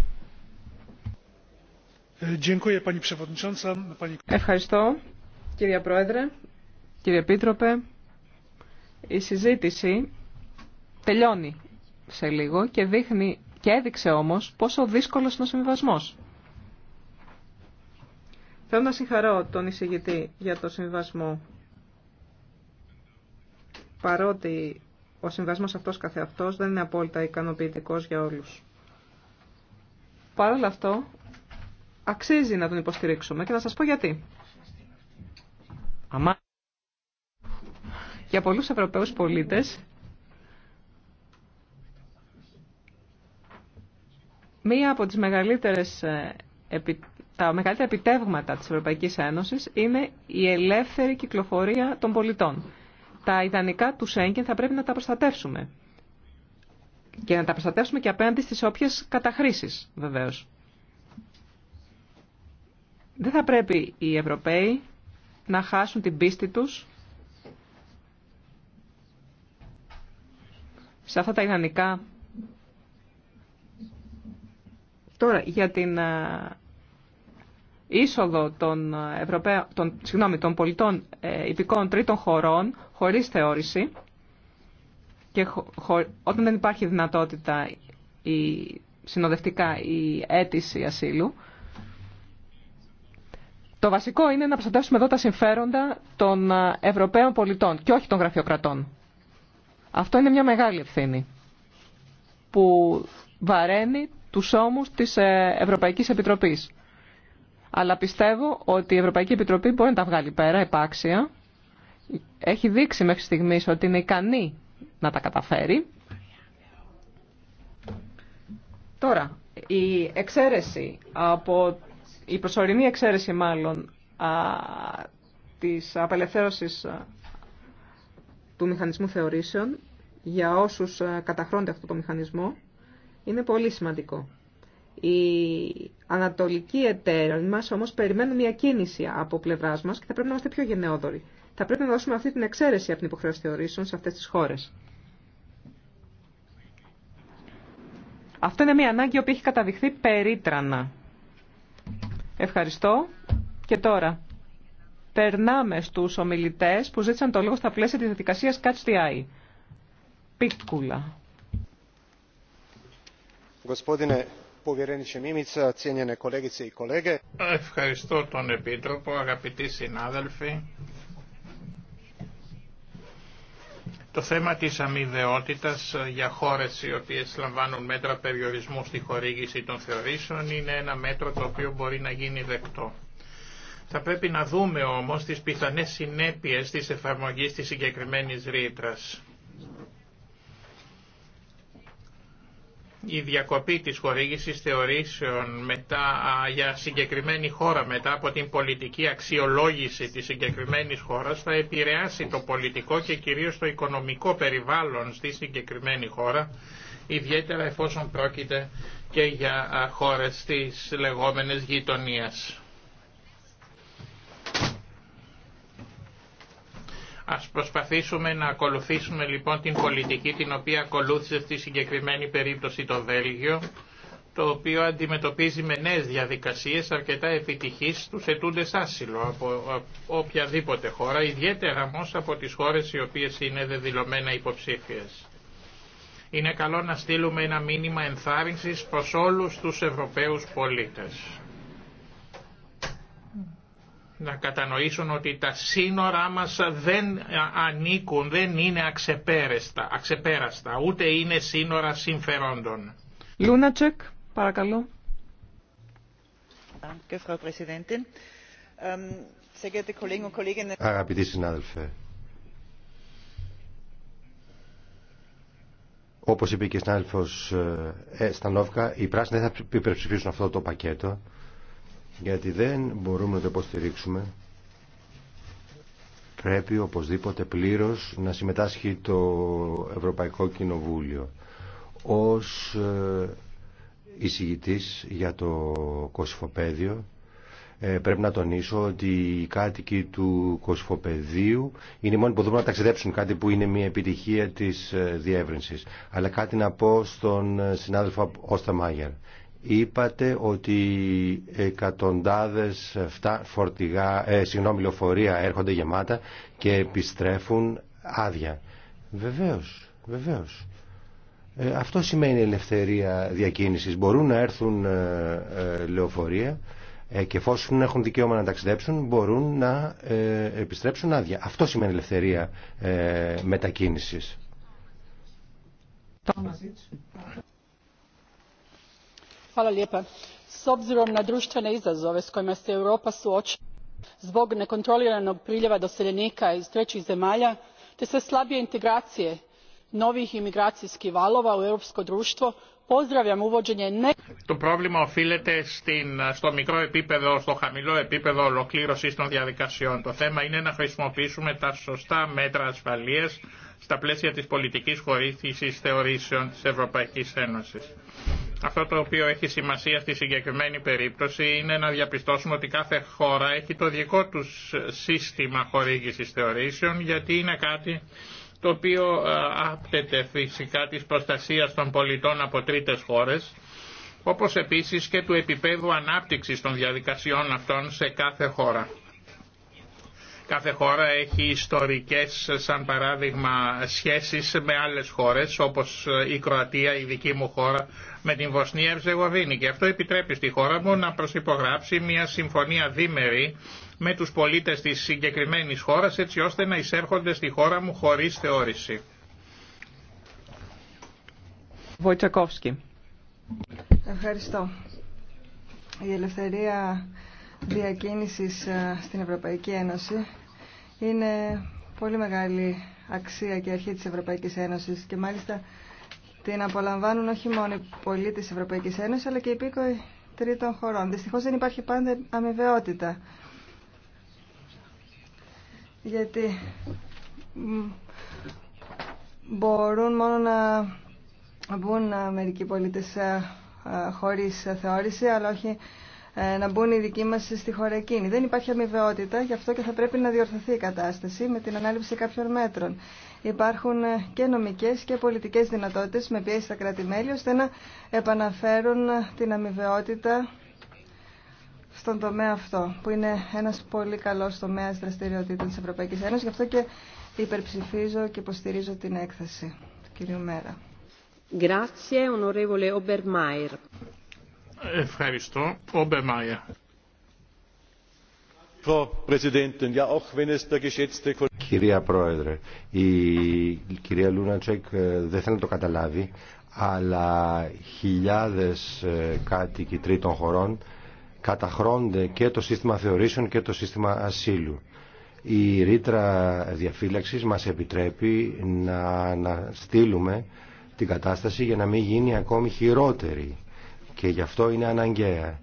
Ε, Ευχαριστώ, κύριε Πρόεδρε, κύριε Επίτροπε. Η συζήτηση τελειώνει σε λίγο και δείχνει και έδειξε όμως πόσο δύσκολος είναι ο συμβιβασμός. Θέλω να συγχαρώ τον εισηγητή για το συμβιβασμό. Παρότι ο συνδέσμος αυτός καθεαυτός δεν είναι απόλυτα ικανοποιητικός για όλους. Παρ' όλο αυτό, αξίζει να τον υποστηρίξουμε και να σας πω γιατί. Αμά. Για πολλούς Ευρωπαίους πολίτες, μία από τις μεγαλύτερες, ε, τα μεγαλύτερα επιτεύγματα της Ευρωπαϊκής Ένωσης είναι η ελεύθερη κυκλοφορία των πολιτών τα ιδανικά του Σέγγεν θα πρέπει να τα προστατεύσουμε. Και να τα προστατεύσουμε και απέναντι στις όποιες καταχρήσεις, βεβαίως. Δεν θα πρέπει οι Ευρωπαίοι να χάσουν την πίστη τους σε αυτά τα ιδανικά. Τώρα, για την είσοδο των, Ευρωπαίων, των, συγγνώμη, των πολιτών υπηκών ε, τρίτων χωρών χωρίς θεώρηση και όταν δεν υπάρχει δυνατότητα η, συνοδευτικά η αίτηση ασύλου, το βασικό είναι να προστατεύσουμε εδώ τα συμφέροντα των ε, Ευρωπαίων πολιτών και όχι των γραφειοκρατών. Αυτό είναι μια μεγάλη ευθύνη που βαραίνει τους ώμους της ε, Ευρωπαϊκής Επιτροπής. Αλλά πιστεύω ότι η Ευρωπαϊκή Επιτροπή μπορεί να τα βγάλει πέρα, επάξια. Έχει δείξει μέχρι στιγμή ότι είναι ικανή να τα καταφέρει. Τώρα, η εξαίρεση από η προσωρινή εξαίρεση μάλλον α, της απελευθέρωσης του μηχανισμού θεωρήσεων για όσους καταχρώνται αυτό το μηχανισμό είναι πολύ σημαντικό. Οι ανατολικοί εταίροι μας όμως περιμένουν μια κίνηση από πλευράς μας και θα πρέπει να είμαστε πιο γενναιόδοροι. Θα πρέπει να δώσουμε αυτή την εξαίρεση από την υποχρέωση θεωρήσεων σε αυτές τις χώρες. Αυτό είναι μια ανάγκη που έχει καταδειχθεί περίτρανα. Ευχαριστώ. Και τώρα περνάμε στους ομιλητές που ζήτησαν το λόγο στα πλαίσια της διαδικασίας Catch the Eye. Πίκουλα. Ευχαριστώ τον Επίτροπο, αγαπητοί συνάδελφοι. Το θέμα της αμοιβαιότητας για χώρες οι οποίες λαμβάνουν μέτρα περιορισμού στη χορήγηση των θεωρήσεων είναι ένα μέτρο το οποίο μπορεί να γίνει δεκτό. Θα πρέπει να δούμε όμως τις πιθανές συνέπειες της εφαρμογής της συγκεκριμένης ρήτρας. η διακοπή της χορήγησης θεωρήσεων μετά, για συγκεκριμένη χώρα μετά από την πολιτική αξιολόγηση της συγκεκριμένης χώρας θα επηρεάσει το πολιτικό και κυρίως το οικονομικό περιβάλλον στη συγκεκριμένη χώρα ιδιαίτερα εφόσον πρόκειται και για χώρες της λεγόμενης γειτονίας. Ας προσπαθήσουμε να ακολουθήσουμε λοιπόν την πολιτική την οποία ακολούθησε στη συγκεκριμένη περίπτωση το Βέλγιο, το οποίο αντιμετωπίζει με νέες διαδικασίες αρκετά επιτυχής τους ετούντες άσυλο από οποιαδήποτε χώρα, ιδιαίτερα όμω από τις χώρες οι οποίες είναι δεδηλωμένα υποψήφιες. Είναι καλό να στείλουμε ένα μήνυμα ενθάρρυνσης προς όλους τους Ευρωπαίους πολίτες να κατανοήσουν ότι τα σύνορά μας δεν ανήκουν, δεν είναι αξεπέραστα, αξεπέραστα ούτε είναι σύνορα συμφερόντων. Λούνατσεκ, παρακαλώ. Ähm, Αγαπητοί συνάδελφοι, όπως είπε και η συνάδελφος ε, ε, Στανόφκα, οι πράσινοι δεν θα υπερψηφίσουν αυτό το πακέτο γιατί δεν μπορούμε να το υποστηρίξουμε πρέπει οπωσδήποτε πλήρως να συμμετάσχει το Ευρωπαϊκό Κοινοβούλιο ως ε, εισηγητής για το κοσφοπέδιο ε, πρέπει να τονίσω ότι οι κάτοικοι του κοσφοπεδίου είναι οι μόνοι που μπορούν να ταξιδέψουν κάτι που είναι μια επιτυχία της ε, διεύρυνσης αλλά κάτι να πω στον συνάδελφο Όστα είπατε ότι εκατοντάδες φορτηγά, ε, συγγνώμη, λεωφορεία έρχονται γεμάτα και επιστρέφουν άδεια. Βεβαίως, βεβαίως. Ε, αυτό σημαίνει ελευθερία διακίνησης. Μπορούν να έρθουν ε, ε, λεωφορεία ε, και εφόσον έχουν δικαίωμα να ταξιδέψουν μπορούν να ε, επιστρέψουν άδεια. Αυτό σημαίνει ελευθερία μετακίνησης gospodine predsjedniče s obzirom na europa suočava zbog nekontroliranog priljeva doseljenika novih imigracijskih valova u europsko društvo το πρόβλημα οφείλεται στο μικρό επίπεδο, στο χαμηλό επίπεδο ολοκλήρωσης των διαδικασιών. Το θέμα είναι να χρησιμοποιήσουμε τα σωστά μέτρα στα πλαίσια της πολιτικής θεωρήσεων Ένωσης. Αυτό το οποίο έχει σημασία στη συγκεκριμένη περίπτωση είναι να διαπιστώσουμε ότι κάθε χώρα έχει το δικό του σύστημα χορήγησης θεωρήσεων γιατί είναι κάτι το οποίο ε, άπτεται φυσικά της προστασίας των πολιτών από τρίτες χώρες όπως επίσης και του επίπεδου ανάπτυξης των διαδικασιών αυτών σε κάθε χώρα. Κάθε χώρα έχει ιστορικές, σαν παράδειγμα, σχέσεις με άλλες χώρες, όπως η Κροατία, η δική μου χώρα, με την Βοσνία Ευζεγοβίνη. Και αυτό επιτρέπει στη χώρα μου να προσυπογράψει μια συμφωνία δίμερη με τους πολίτες της συγκεκριμένης χώρας, έτσι ώστε να εισέρχονται στη χώρα μου χωρίς θεώρηση. Ευχαριστώ. Η ελευθερία διακίνησης ε, στην Ευρωπαϊκή Ένωση είναι πολύ μεγάλη αξία και αρχή της Ευρωπαϊκής Ένωσης και μάλιστα την απολαμβάνουν όχι μόνο οι πολίτες της Ευρωπαϊκής Ένωσης αλλά και οι υπήκοοι τρίτων χωρών. Δυστυχώς δεν υπάρχει πάντα αμοιβαιότητα. Γιατί μπορούν μόνο να μπουν ε, μερικοί πολίτες ε, χωρίς θεώρηση αλλά όχι ε, να μπουν οι δικοί μας στη χώρα εκείνη. Δεν υπάρχει αμοιβαιότητα, γι' αυτό και θα πρέπει να διορθωθεί η κατάσταση με την ανάληψη κάποιων μέτρων. Υπάρχουν ε, και νομικές και πολιτικές δυνατότητες με πιέση στα κράτη-μέλη, ώστε να επαναφέρουν ε, την αμοιβαιότητα στον τομέα αυτό, που είναι ένας πολύ καλός τομέας δραστηριοτήτων της Ευρωπαϊκής Ένωσης. Γι' αυτό και υπερψηφίζω και υποστηρίζω την έκθεση του κυρίου Μέρα. Ευχαριστώ. Μπεμάια. Κυρία Πρόεδρε, η κυρία Λούνατσεκ ε, δεν θέλει να το καταλάβει, αλλά χιλιάδες ε, κάτοικοι τρίτων χωρών καταχρώνται και το σύστημα θεωρήσεων και το σύστημα ασύλου. Η ρήτρα διαφύλαξης μας επιτρέπει να, να στείλουμε την κατάσταση για να μην γίνει ακόμη χειρότερη και γι' αυτό είναι αναγκαία.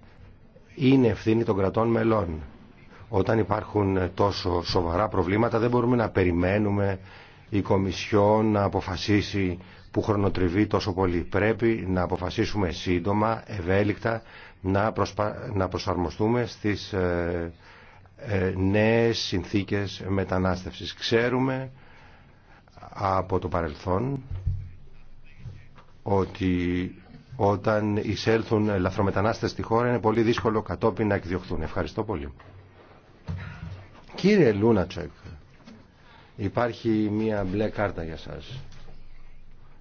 Είναι ευθύνη των κρατών μελών. Όταν υπάρχουν τόσο σοβαρά προβλήματα δεν μπορούμε να περιμένουμε η Κομισιόν να αποφασίσει που χρονοτριβεί τόσο πολύ. Πρέπει να αποφασίσουμε σύντομα, ευέλικτα, να, να προσαρμοστούμε στις ε, ε, νέες συνθήκες μετανάστευσης. Ξέρουμε από το παρελθόν ότι όταν εισέλθουν λαθρομετανάστες στη χώρα είναι πολύ δύσκολο κατόπιν να εκδιωχθούν. Ευχαριστώ πολύ. Κύριε Λούνατσεκ, υπάρχει μία μπλε κάρτα για σας.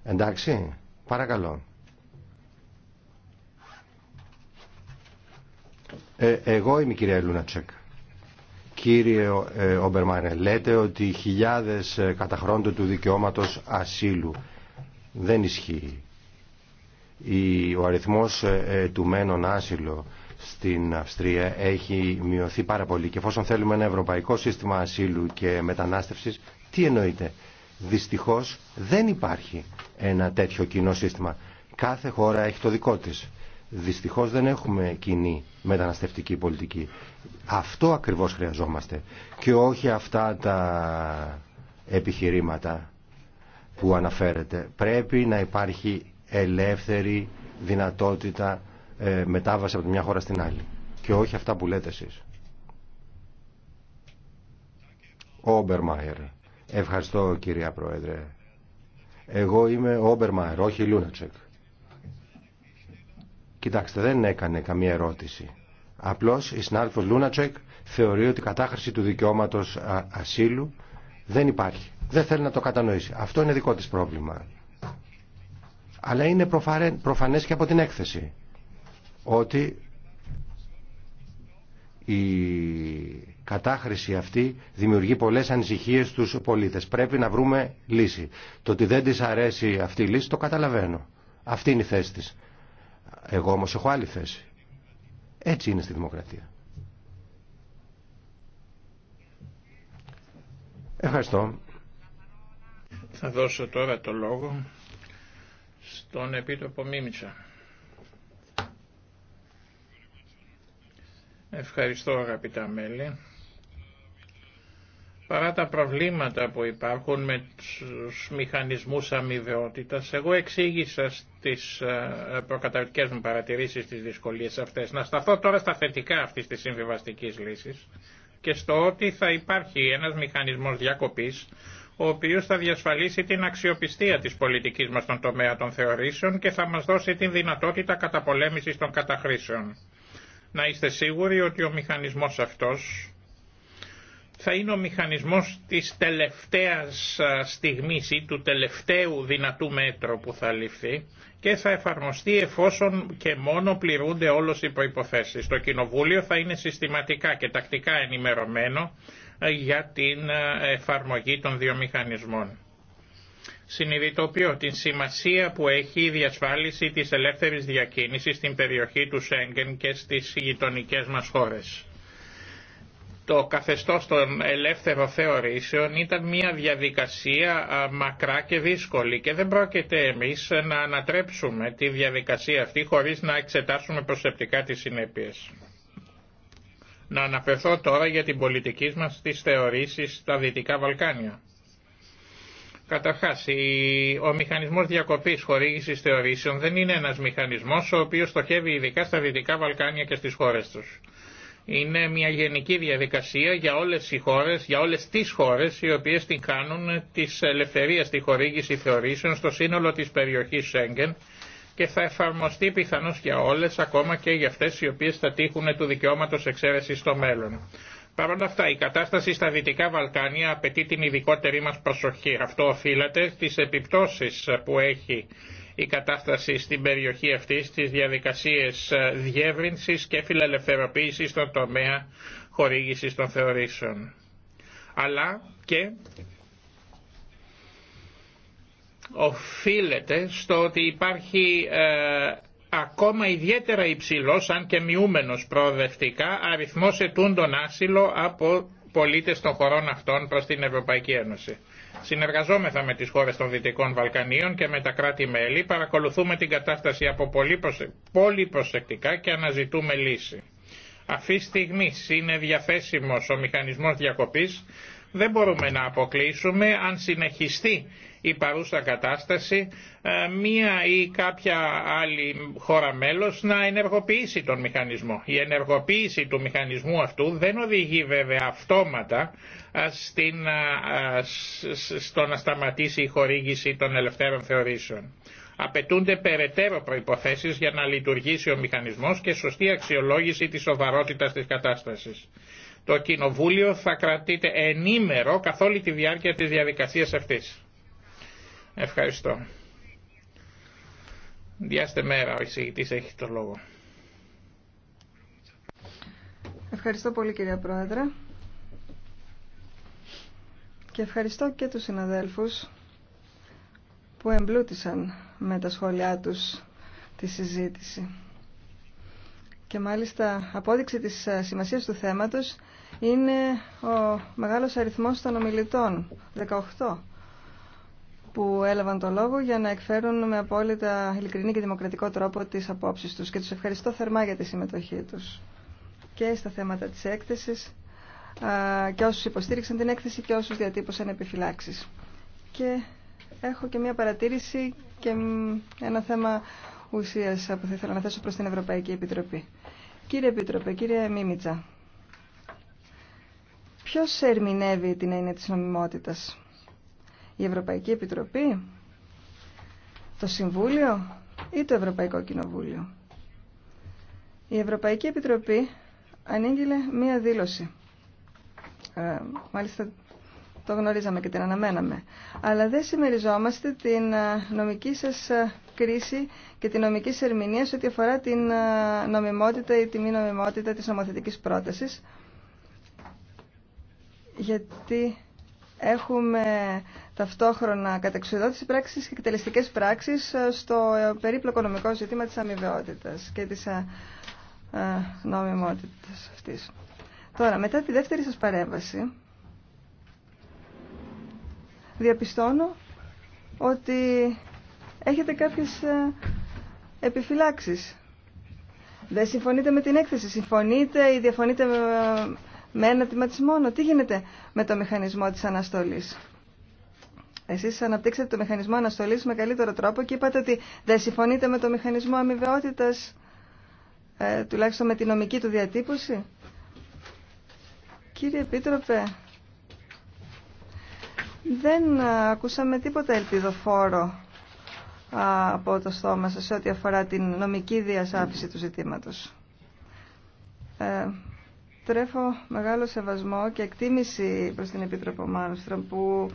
Εντάξει, παρακαλώ. Ε, εγώ είμαι η κυρία Λούνατσεκ. Κύριε ε, λέτε ότι χιλιάδες ε, καταχρώνται του δικαιώματος ασύλου. Δεν ισχύει ο αριθμός ε, ε, του μένων άσυλο στην Αυστρία έχει μειωθεί πάρα πολύ και εφόσον θέλουμε ένα ευρωπαϊκό σύστημα ασύλου και μετανάστευσης τι εννοείται δυστυχώς δεν υπάρχει ένα τέτοιο κοινό σύστημα κάθε χώρα έχει το δικό της δυστυχώς δεν έχουμε κοινή μεταναστευτική πολιτική αυτό ακριβώς χρειαζόμαστε και όχι αυτά τα επιχειρήματα που αναφέρεται πρέπει να υπάρχει ελεύθερη δυνατότητα ε, μετάβαση από τη μια χώρα στην άλλη. Και όχι αυτά που λέτε εσείς. Ευχαριστώ κυρία Πρόεδρε. Εγώ είμαι Όμπερμαϊερ, όχι Λούνατσεκ. Κοιτάξτε, δεν έκανε καμία ερώτηση. Απλώς η συνάδελφος Λούνατσεκ θεωρεί ότι η κατάχρηση του δικαιώματος ασύλου δεν υπάρχει. Δεν θέλει να το κατανοήσει. Αυτό είναι δικό της πρόβλημα. Αλλά είναι προφανές και από την έκθεση ότι η κατάχρηση αυτή δημιουργεί πολλές ανησυχίες στους πολίτες. Πρέπει να βρούμε λύση. Το ότι δεν της αρέσει αυτή η λύση το καταλαβαίνω. Αυτή είναι η θέση της. Εγώ όμως έχω άλλη θέση. Έτσι είναι στη δημοκρατία. Ευχαριστώ. Θα δώσω τώρα το λόγο στον Επίτροπο Μίμητσα. Ευχαριστώ αγαπητά μέλη. Παρά τα προβλήματα που υπάρχουν με τους μηχανισμούς αμοιβαιότητας, εγώ εξήγησα στις ε, προκαταρκτικές μου παρατηρήσεις τις δυσκολίες αυτές. Να σταθώ τώρα στα θετικά αυτής της συμβιβαστικής λύσης και στο ότι θα υπάρχει ένας μηχανισμός διακοπής ο οποίος θα διασφαλίσει την αξιοπιστία της πολιτικής μας στον τομέα των θεωρήσεων και θα μας δώσει την δυνατότητα καταπολέμησης των καταχρήσεων. Να είστε σίγουροι ότι ο μηχανισμός αυτός θα είναι ο μηχανισμός της τελευταίας στιγμής ή του τελευταίου δυνατού μέτρου που θα ληφθεί και θα εφαρμοστεί εφόσον και μόνο πληρούνται όλες οι προϋποθέσεις. Το Κοινοβούλιο θα είναι συστηματικά και τακτικά ενημερωμένο για την ε, εφαρμογή των δύο μηχανισμών. Συνειδητοποιώ την σημασία που έχει η διασφάλιση της ελεύθερης διακίνησης στην περιοχή του Σέγγεν και στις γειτονικέ μας χώρες. Το καθεστώς των ελεύθερων θεωρήσεων ήταν μια διαδικασία μακρά και δύσκολη και δεν πρόκειται εμείς να ανατρέψουμε τη διαδικασία αυτή χωρίς να εξετάσουμε προσεπτικά τις συνέπειες. Να αναφερθώ τώρα για την πολιτική μας της θεωρήσεις στα Δυτικά Βαλκάνια. Καταρχά, ο μηχανισμό διακοπή χορήγηση θεωρήσεων δεν είναι ένα μηχανισμό ο οποίο στοχεύει ειδικά στα Δυτικά Βαλκάνια και στι χώρε του. Είναι μια γενική διαδικασία για όλε οι χώρες για όλε τι χώρε οι οποίε την κάνουν τη ελευθερία στη χορήγηση θεωρήσεων στο σύνολο τη περιοχή Σέγγεν και θα εφαρμοστεί πιθανώς για όλες, ακόμα και για αυτές οι οποίες θα τύχουν του δικαιώματος εξαίρεσης στο μέλλον. Παρ' όλα αυτά, η κατάσταση στα Δυτικά Βαλκάνια απαιτεί την ειδικότερη μας προσοχή. Αυτό οφείλεται στις επιπτώσεις που έχει η κατάσταση στην περιοχή αυτή, στις διαδικασίες διεύρυνσης και φιλελευθεροποίησης στον τομέα χορήγησης των θεωρήσεων. Αλλά και οφείλεται στο ότι υπάρχει ε, ακόμα ιδιαίτερα υψηλός, αν και μειούμενος προοδευτικά, αριθμός ετούντων άσυλο από πολίτες των χωρών αυτών προς την Ευρωπαϊκή Ένωση. Συνεργαζόμεθα με τις χώρες των Δυτικών Βαλκανίων και με τα κράτη-μέλη, παρακολουθούμε την κατάσταση από πολύ, προσεκτικά και αναζητούμε λύση. Αυτή στιγμή είναι διαθέσιμος ο μηχανισμός διακοπής, δεν μπορούμε να αποκλείσουμε αν συνεχιστεί η παρούσα κατάσταση ε, μία ή κάποια άλλη χώρα μέλος να ενεργοποιήσει τον μηχανισμό. Η ενεργοποίηση του μηχανισμού αυτού δεν οδηγεί βέβαια αυτόματα ε, στην, ε, στο να σταματήσει η χορήγηση των ελευθέρων θεωρήσεων. Απαιτούνται περαιτέρω προϋποθέσεις για να λειτουργήσει ο μηχανισμός και σωστή αξιολόγηση της σοβαρότητας της κατάστασης. Το Κοινοβούλιο θα κρατείται ενήμερο καθ' όλη τη διάρκεια της διαδικασίας αυτής. Ευχαριστώ. Διάστε μέρα, ο εισηγητής έχει το λόγο. Ευχαριστώ πολύ κυρία Πρόεδρε. Και ευχαριστώ και τους συναδέλφους που εμπλούτησαν με τα σχόλιά τους τη συζήτηση. Και μάλιστα απόδειξη της ε, σημασίας του θέματος είναι ο μεγάλος αριθμός των ομιλητών, 18 που έλαβαν το λόγο για να εκφέρουν με απόλυτα ειλικρινή και δημοκρατικό τρόπο τις απόψεις τους και τους ευχαριστώ θερμά για τη συμμετοχή τους και στα θέματα της έκθεσης και όσους υποστήριξαν την έκθεση και όσους διατύπωσαν επιφυλάξεις. Και έχω και μια παρατήρηση και ένα θέμα ουσίας που θα ήθελα να θέσω προς την Ευρωπαϊκή Επιτροπή. Κύριε Επίτροπε, κύριε Μίμητσα, ποιος ερμηνεύει την έννοια τη νομιμότητα, η Ευρωπαϊκή Επιτροπή, το Συμβούλιο ή το Ευρωπαϊκό Κοινοβούλιο. Η Ευρωπαϊκή Επιτροπή ανήγγειλε μία δήλωση. Ε, μάλιστα το γνωρίζαμε και την αναμέναμε. Αλλά δεν συμμεριζόμαστε την ε, νομική σας ε, κρίση και την νομική σας ερμηνεία σε ό,τι αφορά την ε, νομιμότητα ή τη μη νομιμότητα της νομοθετικής πρότασης. Γιατί έχουμε ταυτόχρονα κατεξουδότηση πράξη και εκτελεστικέ πράξει ε, στο ε, περίπλοκο νομικό ζήτημα της αμοιβαιότητα και τη ε, νομιμότητα αυτής. Τώρα, μετά τη δεύτερη σας παρέμβαση, διαπιστώνω ότι έχετε κάποιες επιφυλάξεις. Δεν συμφωνείτε με την έκθεση, συμφωνείτε ή διαφωνείτε με ένα μόνο. Τι γίνεται με το μηχανισμό της αναστολής. Εσεί αναπτύξατε το μηχανισμό αναστολή με καλύτερο τρόπο και είπατε ότι δεν συμφωνείτε με το μηχανισμό αμοιβαιότητα, ε, τουλάχιστον με τη νομική του διατύπωση. Κύριε Επίτροπε, δεν ακούσαμε τίποτα ελπιδοφόρο από το στόμα σας σε ό,τι αφορά την νομική διασάφηση του ζητήματος. Ε, τρέφω μεγάλο σεβασμό και εκτίμηση προς την Επίτροπο που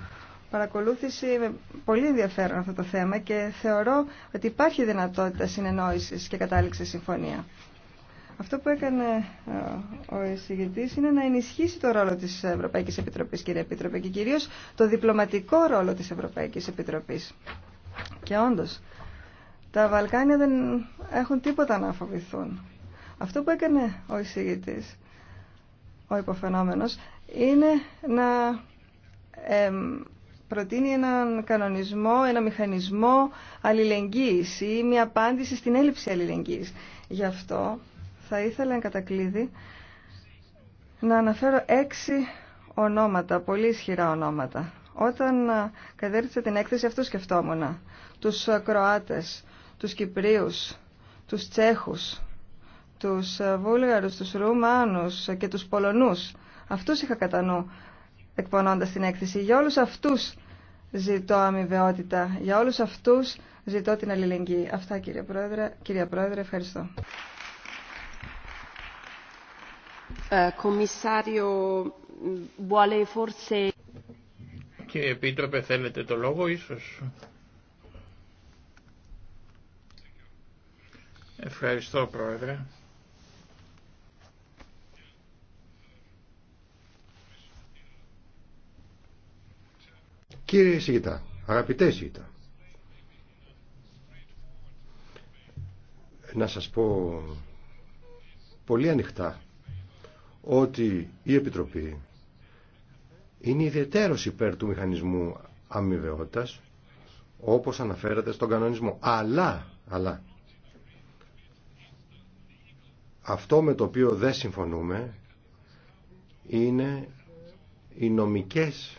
παρακολούθηση με πολύ ενδιαφέρον αυτό το θέμα και θεωρώ ότι υπάρχει δυνατότητα συνεννόησης και κατάληξη συμφωνία. Αυτό που έκανε ε, ο εισηγητή είναι να ενισχύσει το ρόλο της Ευρωπαϊκής Επιτροπής, κύριε Επίτροπε, και κυρίως το διπλωματικό ρόλο της Ευρωπαϊκής Επιτροπής. Και όντως, τα Βαλκάνια δεν έχουν τίποτα να φοβηθούν. Αυτό που έκανε ο εισηγητή, ο υποφαινόμενος, είναι να προτείνει έναν κανονισμό, ένα μηχανισμό αλληλεγγύης ή μια απάντηση στην έλλειψη αλληλεγγύης. Γι' αυτό θα ήθελα να κατακλείδη να αναφέρω έξι ονόματα, πολύ ισχυρά ονόματα. Όταν κατέρτισα την έκθεση αυτό σκεφτόμουν. Τους Κροάτες, τους Κυπρίους, τους Τσέχους, τους Βούλγαρους, τους Ρουμάνους και τους Πολωνούς. Αυτούς είχα κατά νου εκπονώντας την έκθεση. Για όλους αυτούς ζητώ αμοιβαιότητα. Για όλους αυτούς ζητώ την αλληλεγγύη. Αυτά κύριε Πρόεδρε. Κυρία Πρόεδρε, ευχαριστώ. Ε, κύριε Επίτροπε, θέλετε το λόγο ίσως. Ευχαριστώ Πρόεδρε. Κύριε Σιγητά, αγαπητέ Σιγητά, να σας πω πολύ ανοιχτά ότι η Επιτροπή είναι ιδιαίτερος υπέρ του μηχανισμού αμοιβαιότητας όπως αναφέρεται στον κανονισμό. Αλλά, αλλά, αυτό με το οποίο δεν συμφωνούμε είναι οι νομικές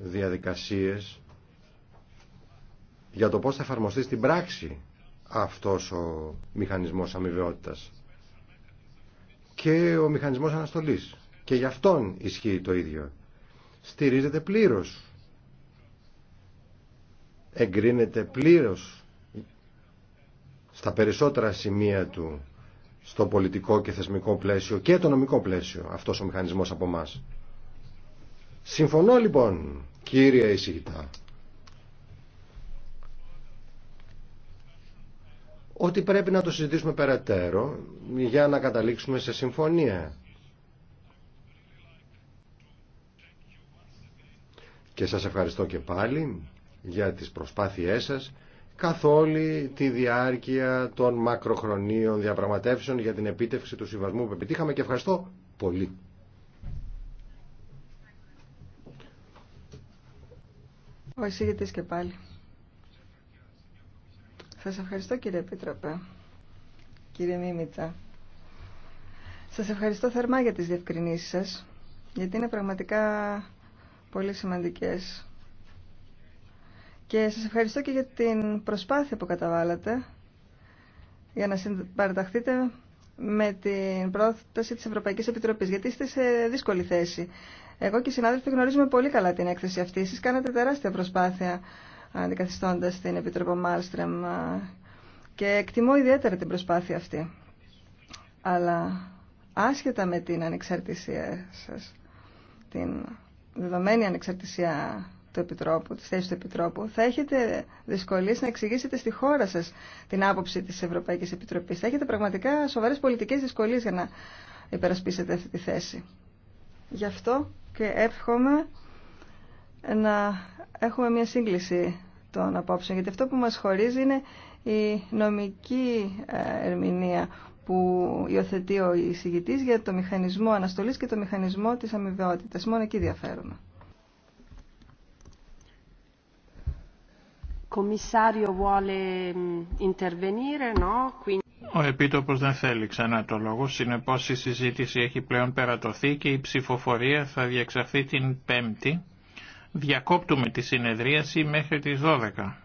διαδικασίες για το πώς θα εφαρμοστεί στην πράξη αυτός ο μηχανισμός αμοιβαιότητας και ο μηχανισμός αναστολής και γι' αυτόν ισχύει το ίδιο στηρίζεται πλήρως εγκρίνεται πλήρως στα περισσότερα σημεία του στο πολιτικό και θεσμικό πλαίσιο και το νομικό πλαίσιο αυτός ο μηχανισμός από μας. Συμφωνώ λοιπόν, κύριε εισηγητά, ότι πρέπει να το συζητήσουμε περαιτέρω για να καταλήξουμε σε συμφωνία. Και σας ευχαριστώ και πάλι για τις προσπάθειές σας καθ' όλη τη διάρκεια των μακροχρονίων διαπραγματεύσεων για την επίτευξη του συμβασμού που επιτύχαμε και ευχαριστώ πολύ. Ο εισηγητής και πάλι. Σας ευχαριστώ κύριε Επίτροπε, κύριε Μίμητσα. Σας ευχαριστώ θερμά για τις διευκρινήσεις σας, γιατί είναι πραγματικά πολύ σημαντικές. Και σας ευχαριστώ και για την προσπάθεια που καταβάλατε για να συμπαραταχθείτε με την πρόταση της Ευρωπαϊκής Επιτροπής, γιατί είστε σε δύσκολη θέση. Εγώ και οι συνάδελφοι γνωρίζουμε πολύ καλά την έκθεση αυτή. Εσείς κάνατε τεράστια προσπάθεια αντικαθιστώντας την Επιτροπή Μάλστρεμ και εκτιμώ ιδιαίτερα την προσπάθεια αυτή. Αλλά άσχετα με την ανεξαρτησία σας, την δεδομένη ανεξαρτησία του Επιτρόπου, της θέσης του Επιτρόπου, θα έχετε δυσκολίες να εξηγήσετε στη χώρα σας την άποψη της Ευρωπαϊκής Επιτροπής. Θα έχετε πραγματικά σοβαρές πολιτικές δυσκολίες για να υπερασπίσετε αυτή τη θέση. Γι' αυτό και εύχομαι να έχουμε μια σύγκληση των απόψεων, γιατί αυτό που μας χωρίζει είναι η νομική ε, ερμηνεία που υιοθετεί ο εισηγητής για το μηχανισμό αναστολής και το μηχανισμό της αμοιβαιότητας. Μόνο εκεί διαφέρουμε. Commissario vuole mm, intervenire, no? Quindi... Ο Επίτοπος δεν θέλει ξανά το λόγο, συνεπώς η συζήτηση έχει πλέον περατωθεί και η ψηφοφορία θα διεξαχθεί την Πέμπτη. Διακόπτουμε τη συνεδρίαση μέχρι τις 12.